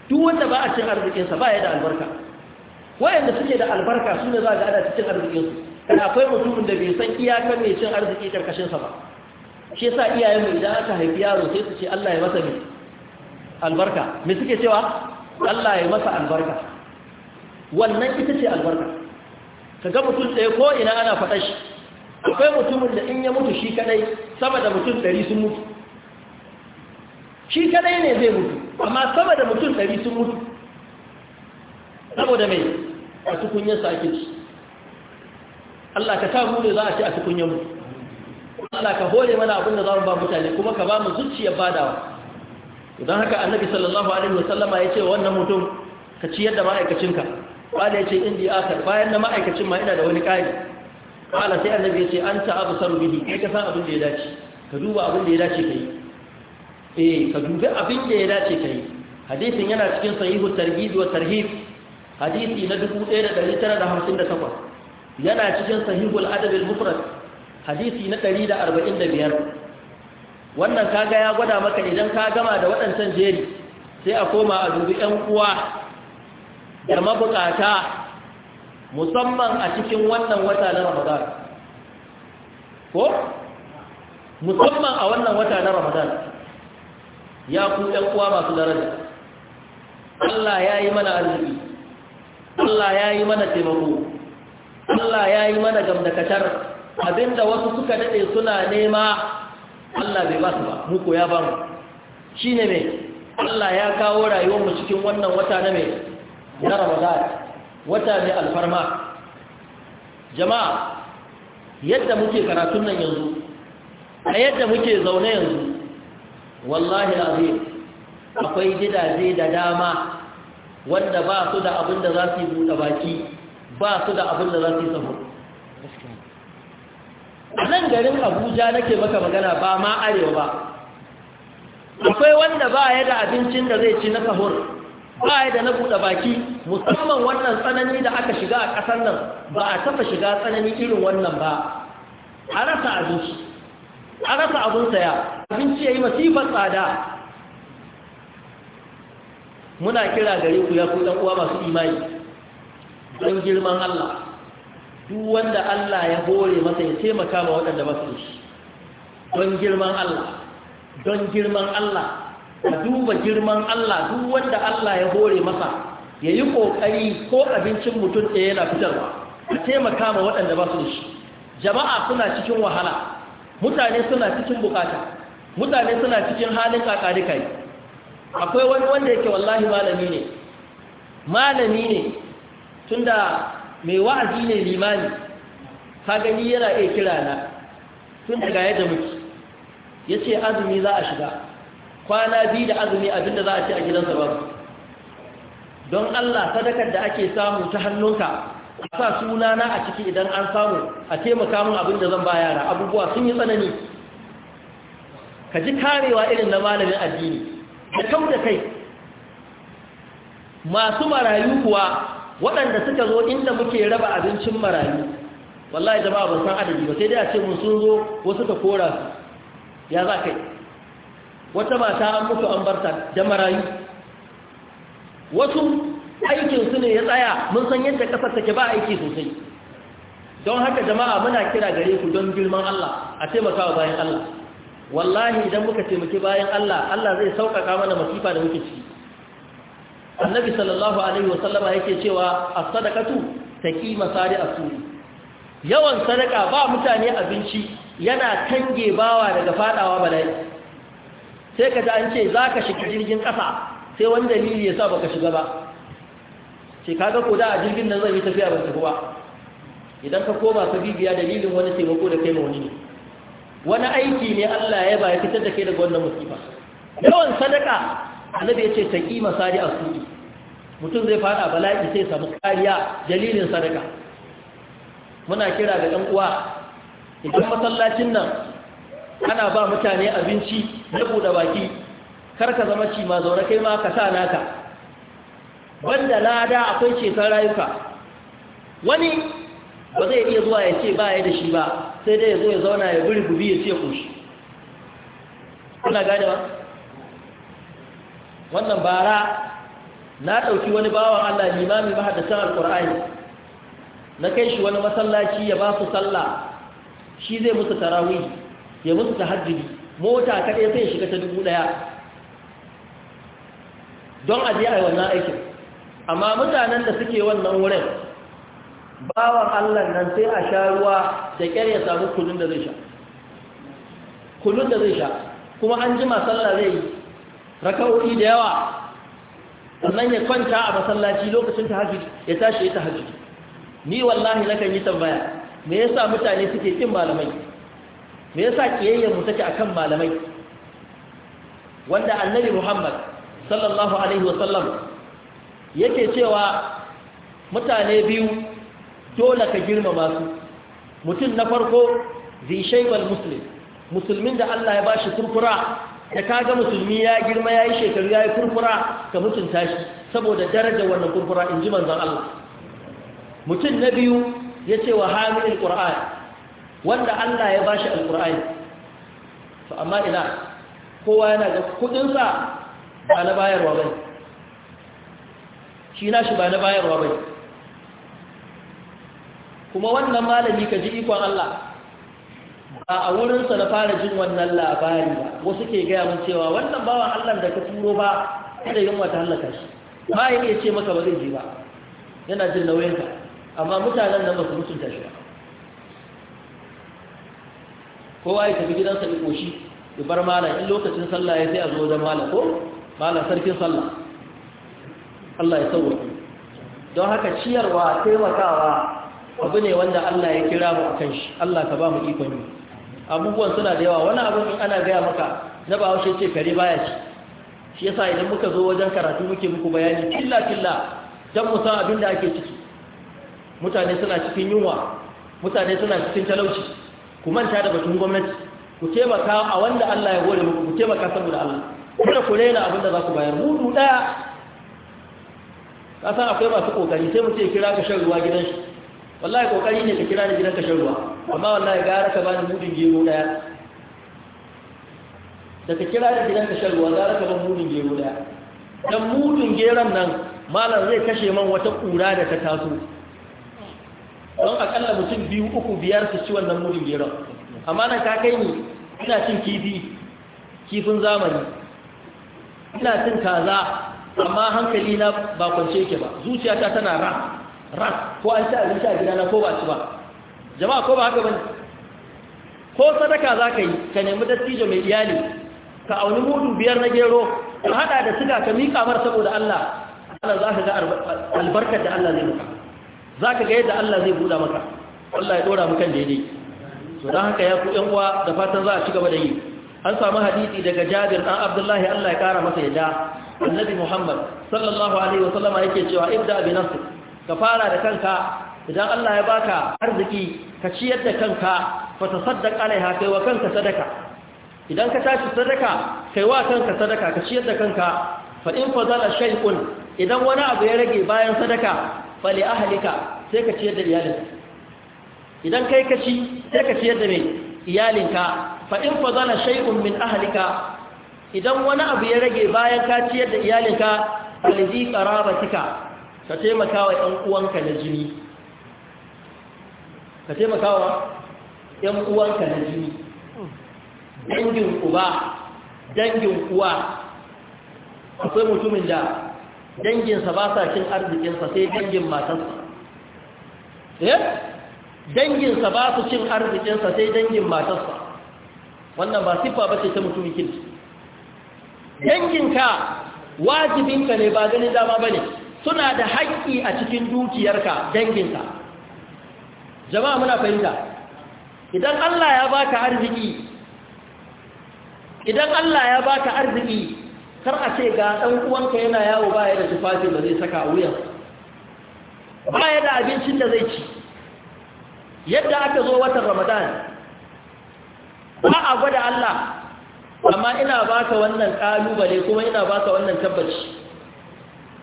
Speaker 1: duk wanda ba a cin arzikin sa ba ya da albarka wayanda suke da albarka su ne za ga ana cin arzikin su kada akwai mutumin da bai san iyakar mai cin arziki karkashin sa ba shi yasa iyayen mu idan aka haifi yaro sai su ce Allah ya masa mai albarka me suke cewa Allah ya masa albarka wannan ita ce albarka ka ga mutum ɗaya ko ina ana faɗa shi akwai mutumin da in ya mutu shi kadai sama da mutum ɗari sun mutu shi kadai ne zai mutu amma sama da mutum ɗari sun mutu saboda mai a yin sake shi Allah ka samu ne za a ci a tukunyar mu Allah ka hore mana abin da za mu ba mutane kuma ka ba mu zuciyar badawa don haka annabi sallallahu alaihi wasallama ya ce wannan mutum ka ciyar da ma'aikacinka ya ce indi akhar bayan na ma'aikacin ma ina da wani ƙari qala sai annabi yace anta absaru bihi kai ka san abin da ya dace ka duba abin da ya dace ka yi. eh ka duba abin da ya dace ka yi. hadisin yana cikin sahihu targhib wa tarhib hadisi na 1958 yana cikin sahihul adab al-mufrad hadisi na 145 wannan kaga ya gwada maka idan ka gama da waɗancan jeri sai a koma a dubi 'yan uwa da mabukata musamman a cikin wannan wata na ramadan ko musamman a wannan wata na ramadan ya ku ɗan uwa masu daraja Allah ya yi mana arziki Allah ya yi mana taimako Allah ya yi mana gamdakatar abinda wasu suka daɗe suna nema Allah bai ba su ba muku ya ba mu shi ne mai Allah ya kawo rayuwarmu cikin wannan wata na mai na ramadan wata mai alfarma jama'a yadda muke karatun nan yanzu a yadda muke zaune yanzu wallahi azim akwai gidaje da dama wanda ba su da abin da za su yi buɗe baki ba su da abin da za su yi sabo a nan garin abuja nake maka magana ba ma arewa ba akwai wanda ba ya da abincin da zai ci na sahur ba da na buɗe baki musamman wannan tsanani da aka shiga a ƙasar nan ba a taɓa shiga tsanani irin wannan ba a rasa abinci a rasa abin saya abinci ya yi masifar tsada muna kira gare ku ya ku ɗan uwa masu imani don girman Allah duk wanda Allah ya hore masa ya taimaka ma waɗanda masu don girman Allah don girman Allah A duba girman Allah duk wanda Allah ya hore masa ya yi ƙoƙari ko abincin mutum ɗaya yana fitarwa a taimaka ma waɗanda ba su shi jama'a suna cikin wahala mutane suna cikin bukata mutane suna cikin halin kakarika yi akwai wani wanda yake wallahi malami ne malami ne tunda mai wa'azi ne limani ka gani yana iya kira na tun daga yadda muke ya ce azumi za a shiga kwana biyu da azumi abinda za a ci a gidansa ba don Allah sadakar da ake samu ta hannunka a sa sunana a ciki idan an samu a taimaka min abin da zan ba yara abubuwa sun yi tsanani ka ji karewa irin na malamin addini da kam da kai masu marayu kuwa waɗanda suka zo inda muke raba abincin marayu wallahi jama'a ban san adadi ba sai dai a ce mun sun zo wasu ka kora su ya za kai wata mata an mutu an barta da marayu wasu aikinsu ne ya tsaya mun san yadda ƙasar take ba aiki sosai don haka jama'a muna kira gare ku don girman Allah a taimakawa bayan Allah wallahi idan muka taimaki bayan Allah Allah zai sauƙaƙa mana masifa da muke ciki annabi sallallahu alaihi wasallama yake cewa as-sadaqatu taqi masari as-suri yawan sadaka ba mutane abinci yana tange bawa daga fadawa bala'i sai ka an ce za ka shiga jirgin ƙasa sai wani dalili ya sa ba ka shiga ba ce kaga ga da a jirgin nan zai yi tafiya ba tafi ba idan ka koma ka bibiya dalilin wani taimako da kai ma wani ne wani aiki ne Allah ya ba ya fitar da kai daga wannan musifa yawan sadaka annabi ya ce ta kima sari a suki mutum zai fada bala'i sai samu kariya dalilin sadaka muna kira ga ɗan uwa idan masallacin nan ana ba mutane abinci na buɗe baki kar ka zama ci ma zaune kai ma ka sa naka wanda lada akwai ceton rayuka wani ba zai iya zuwa ya ce ba da shi ba sai dai ya zo ya zauna ya buri gubi ya ce kushi kuna gane ba wannan bara na ɗauki wani bawan Allah limami mahaddasan alƙur'ani na kai shi wani masallaci ya ba su sallah shi zai musu tarawih ya musu tahajjudi mota ta ɗaya sai shiga ta dubu ɗaya don a je a wannan aikin amma mutanen da suke wannan wurin bawan Allah nan sai a sha ruwa da ƙyar ya samu kunun da zai sha kunun da zai sha kuma an jima sallah zai yi raka'o'i da yawa sannan ya kwanta a masallaci lokacin tahajjud ya tashi ya tahajjud ni wallahi nakan yi tambaya me yasa mutane suke kin malamai me yasa kiyayyar mu take akan malamai wanda annabi Muhammad sallallahu alaihi wasallam yake cewa mutane biyu dole ka girmama su mutum na farko zishaibal muslim musulmin da Allah ya bashi kurkura da kaga musulmi ya girma yayi shekaru yayi kurkura ka mutunta shi saboda daraja wannan kurkura inji manzon Allah mutum na biyu yace wa hamilul qur'an wanda Allah ya bashi alqur'ani to amma ina kowa yana ga kudin sa ba na bayarwa bai shi na shi ba na bayarwa bai kuma wannan malami ka ji ikon Allah ba a wurinsa na fara jin wannan labari ba wasu ke gaya mun cewa wannan bawan Allah da ka turo ba kada yin wata hallaka shi ba ya ce maka ba zai ji ba yana jin nauyinka amma mutanen nan ba su mutunta shi ba kowa ya tafi gidansa da koshi da bar malam in lokacin sallah ya sai a zo da malam ko malam sarkin sallah Allah ya sauwaki don haka ciyarwa taimakawa abu ne wanda Allah ya kira mu kan shi Allah ka ba mu ikon yi abubuwan suna da yawa wani abun in ana gaya maka na ba haushe ce kare baya ci shi yasa idan muka zo wajen karatu muke muku bayani killa killa dan mu san abin da ake ciki mutane suna cikin yunwa mutane suna cikin talauci ku manta da batun gwamnati ku taimaka a wanda Allah ya gode muku ku taimaka saboda Allah kuma ku rena abin da za ku bayar mudu daya ka san akwai masu kokari sai mutum ya kira ka shan ruwa gidan shi wallahi kokari ne ka kira ni gidan ka shan ruwa amma wallahi gara ka bani mudin gero daya da ka kira ni gidan ka shan ruwa gara ka bani mudin gero daya dan mudin geron nan malam zai kashe man wata kura da ta taso don akalla mutum biyu uku biyar su ci wannan mudin geron amma na ka kai ni ina cin kifi kifin zamani ina cin kaza amma hankali na ba kwance yake ba zuciyata tana ra ra ko an ci abinci a gida na ko ba ci ba jama'a ko ba haka bane ko sadaka za ka yi ka nemi dattijo mai iyali ka auni mudu biyar na gero ka hada da siga ka miƙa mar saboda Allah Allah za ka ga albarkar da Allah zai maka za ka ga yadda Allah zai buɗa maka Allah ya ɗora mukan daidai so don haka ya ku ‘yan uwa da fatan za a ci gaba da yi an samu hadisi daga jabir ɗan abdullahi Allah ya ƙara masa yadda annabi muhammad sallallahu alaihi wasallama yake cewa ibda bi nafsi ka fara da kanka idan Allah ya baka arziki ka ciyar da kanka fa tasaddaq alaiha kai wa kanka sadaka idan ka tashi sadaka kai wa kanka sadaka ka ciyar da kanka fa in fadala shay'un idan wani abu ya rage bayan sadaka fali ahalika sai ka ciyar da iyalinka idan kai ka ci sai ka ciyar da mai iyalinka fa in fadala shay'un min ahalika idan wani abu ya rage bayan ka ciyar da iyalinka zi qarabatika ka taimaka wa ɗan uwanka na jini ka taimaka wa ɗan uwanka na jini dangin uba dangin uwa akwai mutumin da danginsa ba sa cin arzikinsa sai dangin matarsa eh danginsa ba su cin arzikinsa sai dangin matarsa wannan ba siffa ba ce ta mutumin kirki danginka wajibinka ne ba gani dama ba ne suna da haƙƙi a cikin dukiyarka danginka jama'a muna fahimta idan Allah ya baka arziki idan Allah ya baka arziki kar a ce ga ɗan uwanka yana yawo baya da tufafin da zai saka a wuyan baya da abincin da zai ci yadda aka zo watan ramadan ba a gwada Allah amma ina ba ka wannan ƙalubale kuma ina ba baka wannan tabbaci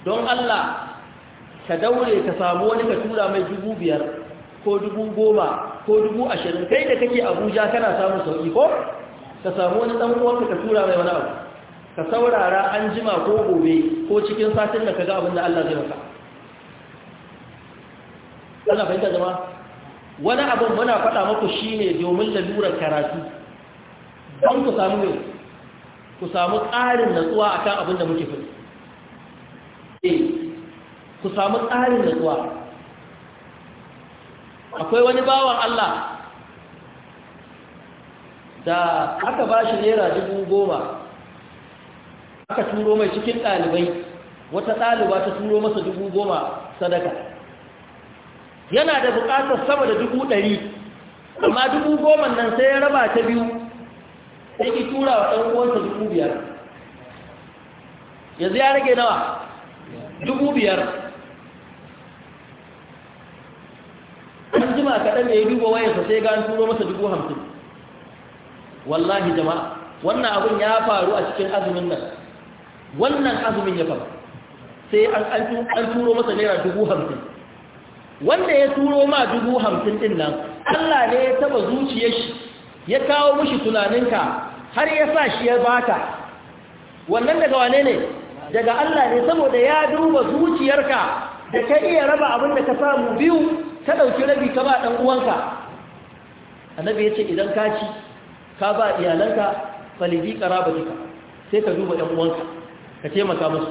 Speaker 1: don Allah ka daure ka samu wani ka tura mai dubu biyar ko dubu goma ko dubu ashirin kai da kake abuja kana samun sauƙi ko ka samu wani ɗan uwanka ka tura mai wani abu ka saurara an jima ko gobe ko cikin satin da ka ga abin da Allah zai maka Allah fahimta jama wani abin muna faɗa maku shi ne domin lalurar karatu don ku samu yau ku samu tsarin natsuwa a kan abin da muke fi eh, ku samu tsarin natsuwa akwai wani bawan Allah da aka ba shi naira dubu goma aka turo mai cikin ɗalibai wata ɗaliba ta turo masa dubu goma sadaka yana da buƙatar sama da dubu ɗari amma dubu goma nan sai ya raba ta biyu sai ki tura wa ɗan uwansa dubu biyar yanzu ya rage nawa dubu biyar an jima kaɗan da ya duba wayarsa sai ga an turo masa dubu hamsin wallahi jama'a wannan abin ya faru a cikin azumin nan wannan azumin ya faru sai an turo masa naira dubu hamsin wanda ya turo ma dubu hamsin din nan allah ne ya taba zuciyar shi ya kawo mushi tunaninka har ya sa shi ya bata wannan daga wane ne daga allah ne saboda ya duba zuciyarka da ka iya raba abin da ka samu biyu ta ɗauki rabi ka ba ɗan uwanka annabi ya ce idan ka ci ka ba iyalanka falibi ƙarabatika sai ka duba ɗan uwanka ka taimaka musu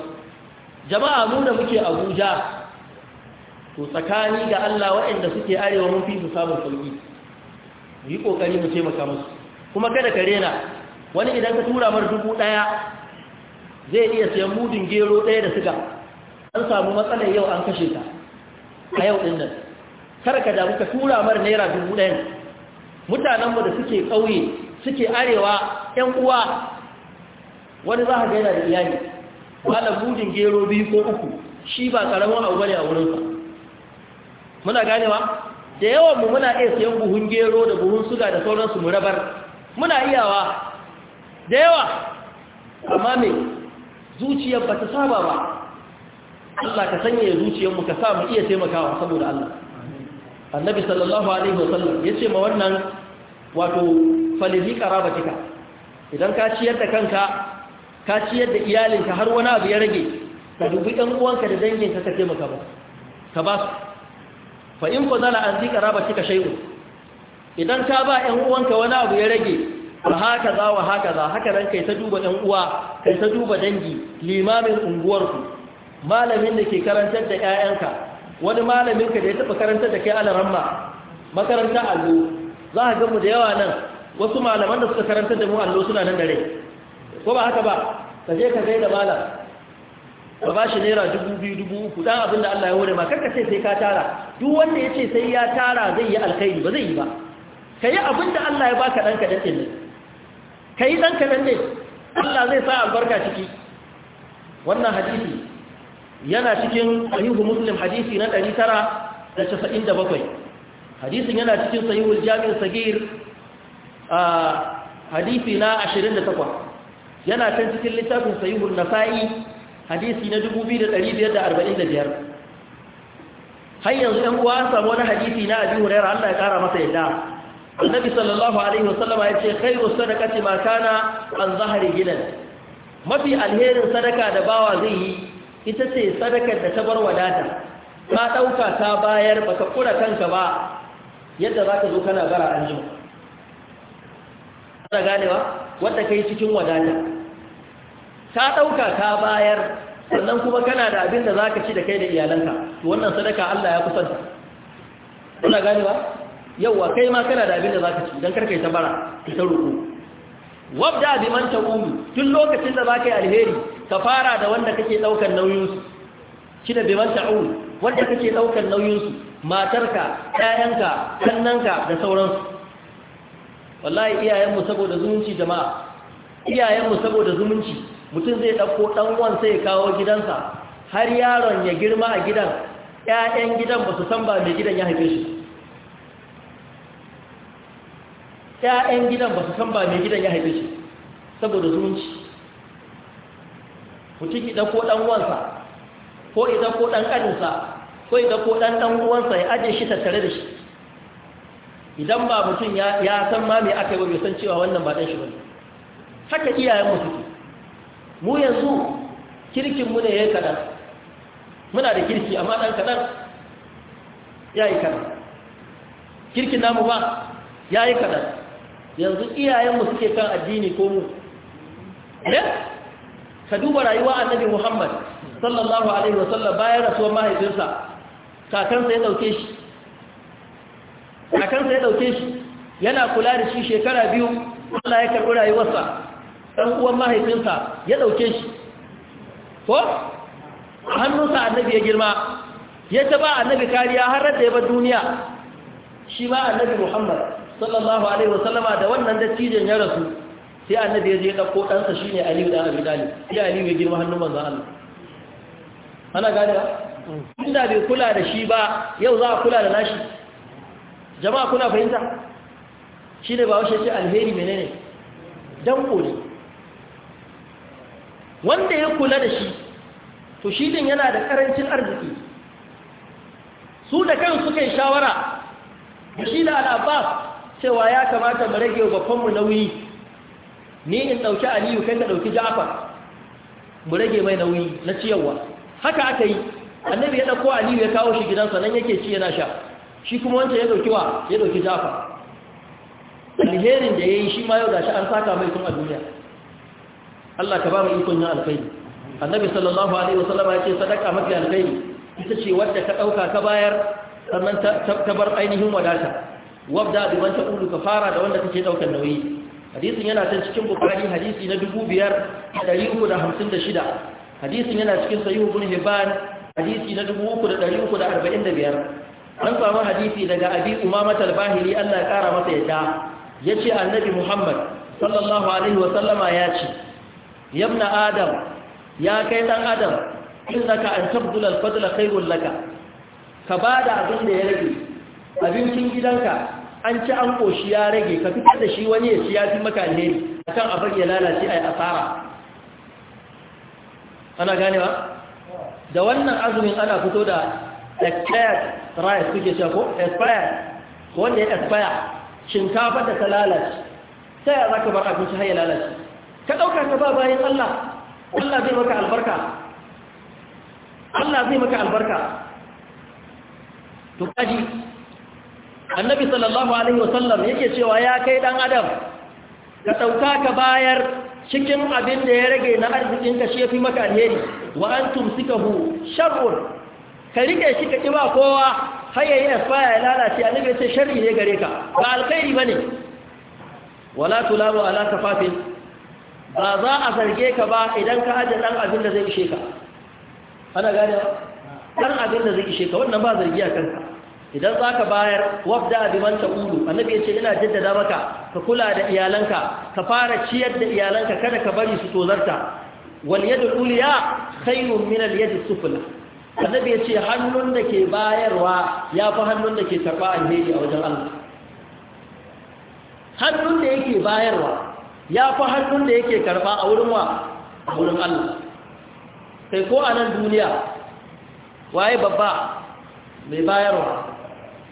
Speaker 1: jama'a mu da muke abuja to tsakani ga allah waɗanda suke arewa mun fi su samun sauƙi mu yi ƙoƙari mu taimaka musu kuma kada ka rena wani idan ka tura mar dubu ɗaya zai iya sayan mudun gero ɗaya da suga an samu matsalar yau an kashe ta a yau ɗin nan kar ka damu ka tura mar naira dubu ɗayan mutanenmu da suke ƙauye suke arewa ‘yan uwa wani za ka gaina da iyali malam budin gero biyu ko uku shi ba karamin abu bane a wurinsa muna ganewa da yawan mu muna iya sayan buhun gero da buhun suga da sauransu mu rabar muna iyawa da yawa amma me zuciyar ba ta saba ba Allah ka sanya zuciyar mu ka sa mu iya taimakawa saboda Allah annabi sallallahu alaihi wasallam yace ma wannan wato falihi karabatika idan ka ciyar da kanka ka ciyar da iyalinka har wani abu ya rage ka dubi ɗan uwanka da danginka ka taimaka ba ka ba su fa in ku zala an zika raba kika shai'u idan ka ba ɗan uwanka wani abu ya rage wa haka za wa haka za haka nan kai ta duba ɗan uwa kai ta duba dangi limamin unguwarku malamin da ke karantar da ƴaƴanka wani malamin da ya taɓa karantar da kai alaramma makaranta allo za ka ga mu da yawa nan wasu malaman da suka karantar da mu allo suna nan da rai ko ba haka ba ka je ka gaida malam ka ba shi naira dubu biyu dubu uku dan abin da Allah ya hore ma karka ce sai ka tara duk wanda ya ce sai ya tara zai yi alkhairi ba zai yi ba ka yi abin da Allah ya baka ɗan kaɗan ɗin ka yi ɗan kaɗan ɗin Allah zai sa albarka ciki wannan hadisi yana cikin sahihu muslim hadisi na ɗari tara da casa'in da bakwai hadisin yana cikin sahihul jami'in sagir a ah, hadisi na ashirin da takwa yana kan cikin littafin sahihul nasa'i hadisi na 2545 har yanzu ɗan uwa samu wani hadisi na abi hurairah Allah ya kara masa yadda annabi sallallahu alaihi wasallam ya ce khairu sadaqati ma kana an zahari gidan mafi alherin sadaka da bawa zai yi ita ce sadakar da ta bar wadata ka ɗauka ta bayar baka kura kanka ba yadda za ka zo kana bara an jima. ganewa? wadda kai cikin wadata ka dauka ka bayar sannan kuma kana da abin da zaka ci da kai da iyalanka to wannan sadaka Allah ya kusanta kuna ba yawa kai ma kana da abin da zaka ci dan karkai ta bara ta ruku wabda bi man ta'um tun lokacin da zaka yi alheri ka fara da wanda kake daukar nauyin su shi da bi man ta'um wanda kake daukar nauyin su matarka ƴaƴanka kannanka da sauransu wallahi iyayenmu saboda zumunci jama'a iyayenmu saboda zumunci mutum zai ɗauko ɗan uwan sai ya kawo gidansa har yaron ya girma a gidan ƴaƴan gidan ba su san ba mai gidan ya haife shi ƴaƴan gidan ba su san ba mai gidan ya haife shi saboda zumunci mutum ya ɗauko ɗan uwansa ko ya ɗauko ɗan ƙaninsa ko ya ɗauko ɗan ɗan uwansa ya ajiye shi tattare da shi idan ba mutum ya san ma mai aka yi ba bai san cewa wannan ba ɗan shi wani haka iyayenmu suke mu yanzu kirkinmu ne ya yi kaɗan muna da kirki amma ɗan kaɗan ya yi kaɗan kirkin namu ba ya yi kaɗan yanzu iyayenmu suke kan addini ko mu ne eh? ka duba rayuwa annabi muhammad sallallahu alaihi wasallam bayan rasuwar mahaifinsa kakansa ya ɗauke shi a kansa ya ɗauke shi yana kula da shi shekara biyu Allah ya karɓi rayuwarsa ɗan uwan mahaifinsa ya ɗauke shi ko hannunsa annabi ya girma ya ta ba annabi kariya har da ya bar duniya shi ma annabi Muhammad sallallahu alaihi wasallama da wannan dattijan ya rasu sai annabi ya je ya ɗauko ɗansa shine Aliyu dan Abi Talib sai Aliyu ya girma hannun manzon Allah ana gane ba mm. inda bai kula da shi ba yau za a kula da nashi jama'a kuna fahimta shi ne ba washe ce alheri menene danko ne wanda ya kula da shi to shi din yana da karancin arziki su da kan suka yi shawara da shi da al'abba cewa ya kamata mu rage mu nauyi ni in ɗauki aliyu kai ka ɗauki ja'afar mu rage mai nauyi na ciyarwa haka aka yi annabi ya ɗauko aliyu ya kawo shi gidansa nan yake ci yana sha shi kuma wancan ya dauki wa ya dauki jafa alherin da yayi shi ma yau da shi an saka mai tun a duniya Allah ka ba mu ikon yin alkhairi annabi sallallahu alaihi wasallam ya ce sadaka mafi alkhairi ita ce wadda ka dauka ka bayar sannan ta bar ainihin wadata wabda bi man ulu ka fara da wanda kake daukar nauyi hadisin yana ta cikin bukari hadisi na 2356 hadisin yana cikin sahihu ibn hibban hadisi na 3345 an samu hadisi daga abi umama talbahili Allah ya kara masa yadda yace annabi Muhammad sallallahu alaihi wa sallama ya ce yabna adam ya kai dan adam innaka an tabdul al-fadla laka ka bada abin da ya rage abincin gidanka an ci an koshi ya rage ka fitar da shi wani ya ci ya fi maka alheri akan abin ya lalace a asara ana ganewa da wannan azumin ana fito da da rice kuke cewa ko expire wanda ya expire shinkafa da ta lalace sai ya zaka bar abinci har ya lalace ka dauka ka ba bayan Allah Allah zai maka albarka Allah zai maka albarka to kaji annabi sallallahu alaihi wasallam yake cewa ya kai dan adam ka dauka ka bayar cikin abin da ya rage na arzikin ka fi maka alheri wa antum sikahu sharrun ka rike shi ka ba kowa har yayi asfaya ya lalace a nufin sai sharri ne gare ka ba alkhairi ne. wala tulabu ala kafafin ba za a zarge ka ba idan ka aje ɗan abin da zai ishe ka ana gane ɗan abin da zai ishe ka wannan ba zargi a kanka idan za ka bayar a biman ta ulu a nufin ce ina jaddada maka ka kula da iyalanka ka fara ciyar da iyalanka kada ka bari su tozarta wal yadul uliya khairun min al yadis sufla annabi ya ce hannun da ke bayarwa ya fi hannun da ke a alheri a wajen Allah hannun da yake bayarwa ya fi hannun da yake karɓa a wurin wa a wurin Allah sai ko a nan duniya waye babba mai bayarwa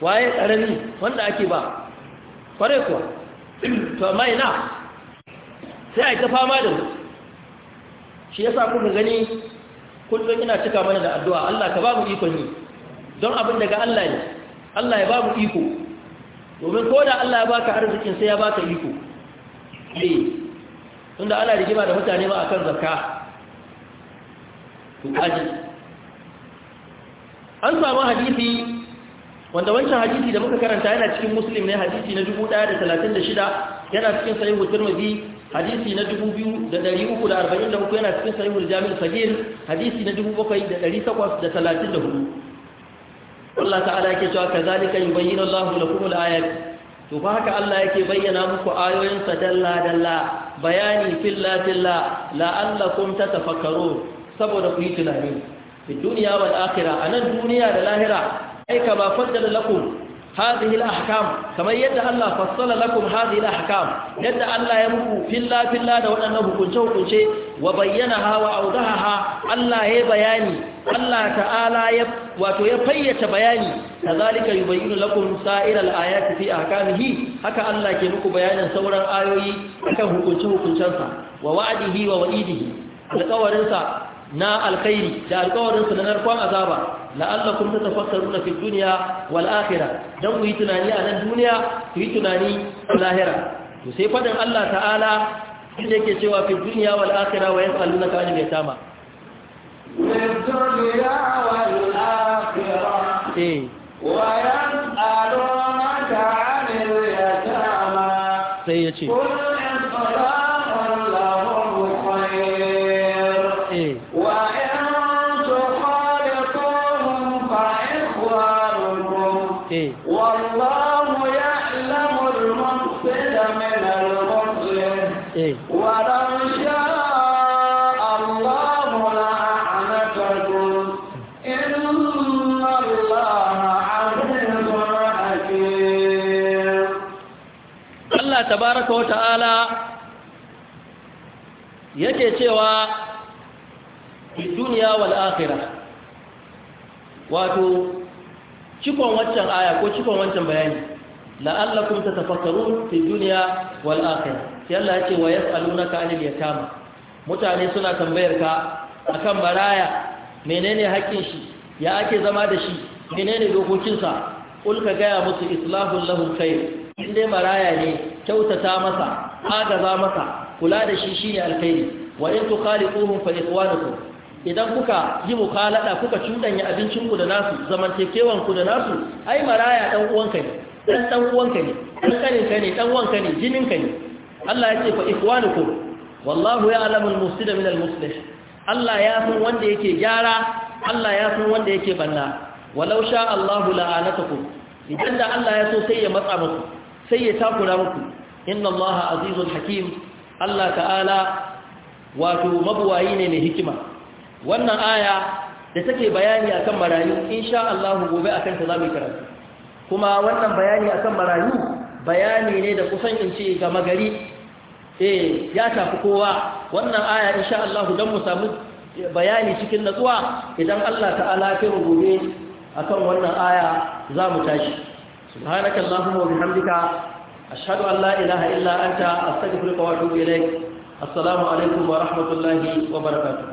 Speaker 1: waye ƙarami wanda ake ba kware kuwa to mai na sai a yi ta fama da shi ya sa kuma gani kullum ina cika mana da addu'a Allah ka ba mu ikon ne don abin daga Allah ne Allah ya ba mu iko domin ko da Allah ya baka arzikin sai ya baka iko eh tunda ana rigima da mutane ba akan zakka to kaji an samu hadisi wanda wancan hadisi da muka karanta yana cikin muslim ne hadisi na 1136 yana cikin sahihu tirmidhi hadisi na 2343 yana cikin sahihul jami'ul sagir hadisi na 7834 Allah ta'ala yake cewa kazalika yubayyinu Allahu lakum al-ayat to fa haka Allah yake bayyana muku ayoyin sa dalla dalla bayani filla filla la'allakum tatafakkarun saboda ku yi tunani fi dunya wal akhirah anan duniya da lahira ai ka ba faddala lakum هذه الأحكام كما يدى الله فصل لكم هذه الأحكام يدى الله يمكو في الله في الله دون أنه كنشه كنشه وبينها وأوضحها الله هي بياني الله تعالى وتيبيت بياني كذلك يبين لكم سائر الآيات في أحكامه هكا الله كنكو بيانا سورا آيوي هكا هو كنشه كنشنسا ووعده ووئيده القوارنسا نا الخير القوارنسا لنرقوان أذابا la'allakum tatafakkaruna fi dunya wal akhirah dan ku yi tunani a nan duniya ku yi tunani a lahira to sai fadin Allah ta'ala inda yake cewa fi dunya wal akhirah wa eh. yas'alunaka 'anil yatama
Speaker 2: ويسألونك عن اليتامى والله يعلم المفسد من المصلح ولو شاء الله لأعنتكم إن الله عزيز حكيم
Speaker 1: الله تبارك
Speaker 2: وتعالى
Speaker 1: yake cewa duniya wal akhirah wato cikon wancan aya ko cikon wancan bayani la'allakum tatafakkarun fi dunya wal akhirah sai Allah ya wa yas'alunaka 'anil yatama mutane suna tambayar ka akan baraya menene haƙƙin shi ya ake zama da shi menene dokokin sa kul ka ga musu islahul lahu khair dai baraya ne kyautata masa agaza masa kula da shi shine alkhairi wa in tukhaliquhum fa ikhwanukum idan kuka yi mukhalada kuka cuɗanya abincinku da nasu zamantakewanku da nasu ai maraya ɗan uwanka ne ɗan ɗan uwanka ne ɗan ƙaninka ne ɗan uwanka ne jininka ne Allah ya ce fa ikwanukum wallahu ya'lamu al-mufsida min al-muslih Allah ya san wanda yake gyara Allah ya san wanda yake banna walau sha Allahu la'anatakum idan da Allah ya so sai ya matsa muku sai ya takura muku inna Allah azizul hakim Allah ta'ala wato mabuwayi ne mai hikima wannan aya da take bayani akan marayu insha Allahu gobe akan ta zamu karatu. kuma wannan bayani akan marayu bayani ne da kusan in ce ga magari eh ya tafi kowa wannan aya insha Allahu dan mu samu bayani cikin natsuwa idan Allah ta'ala ya gobe akan wannan aya zamu tashi subhanakallahumma wa bihamdika ashhadu an la ilaha illa anta astaghfiruka wa atubu ilaik assalamu alaikum wa rahmatullahi wa barakatuh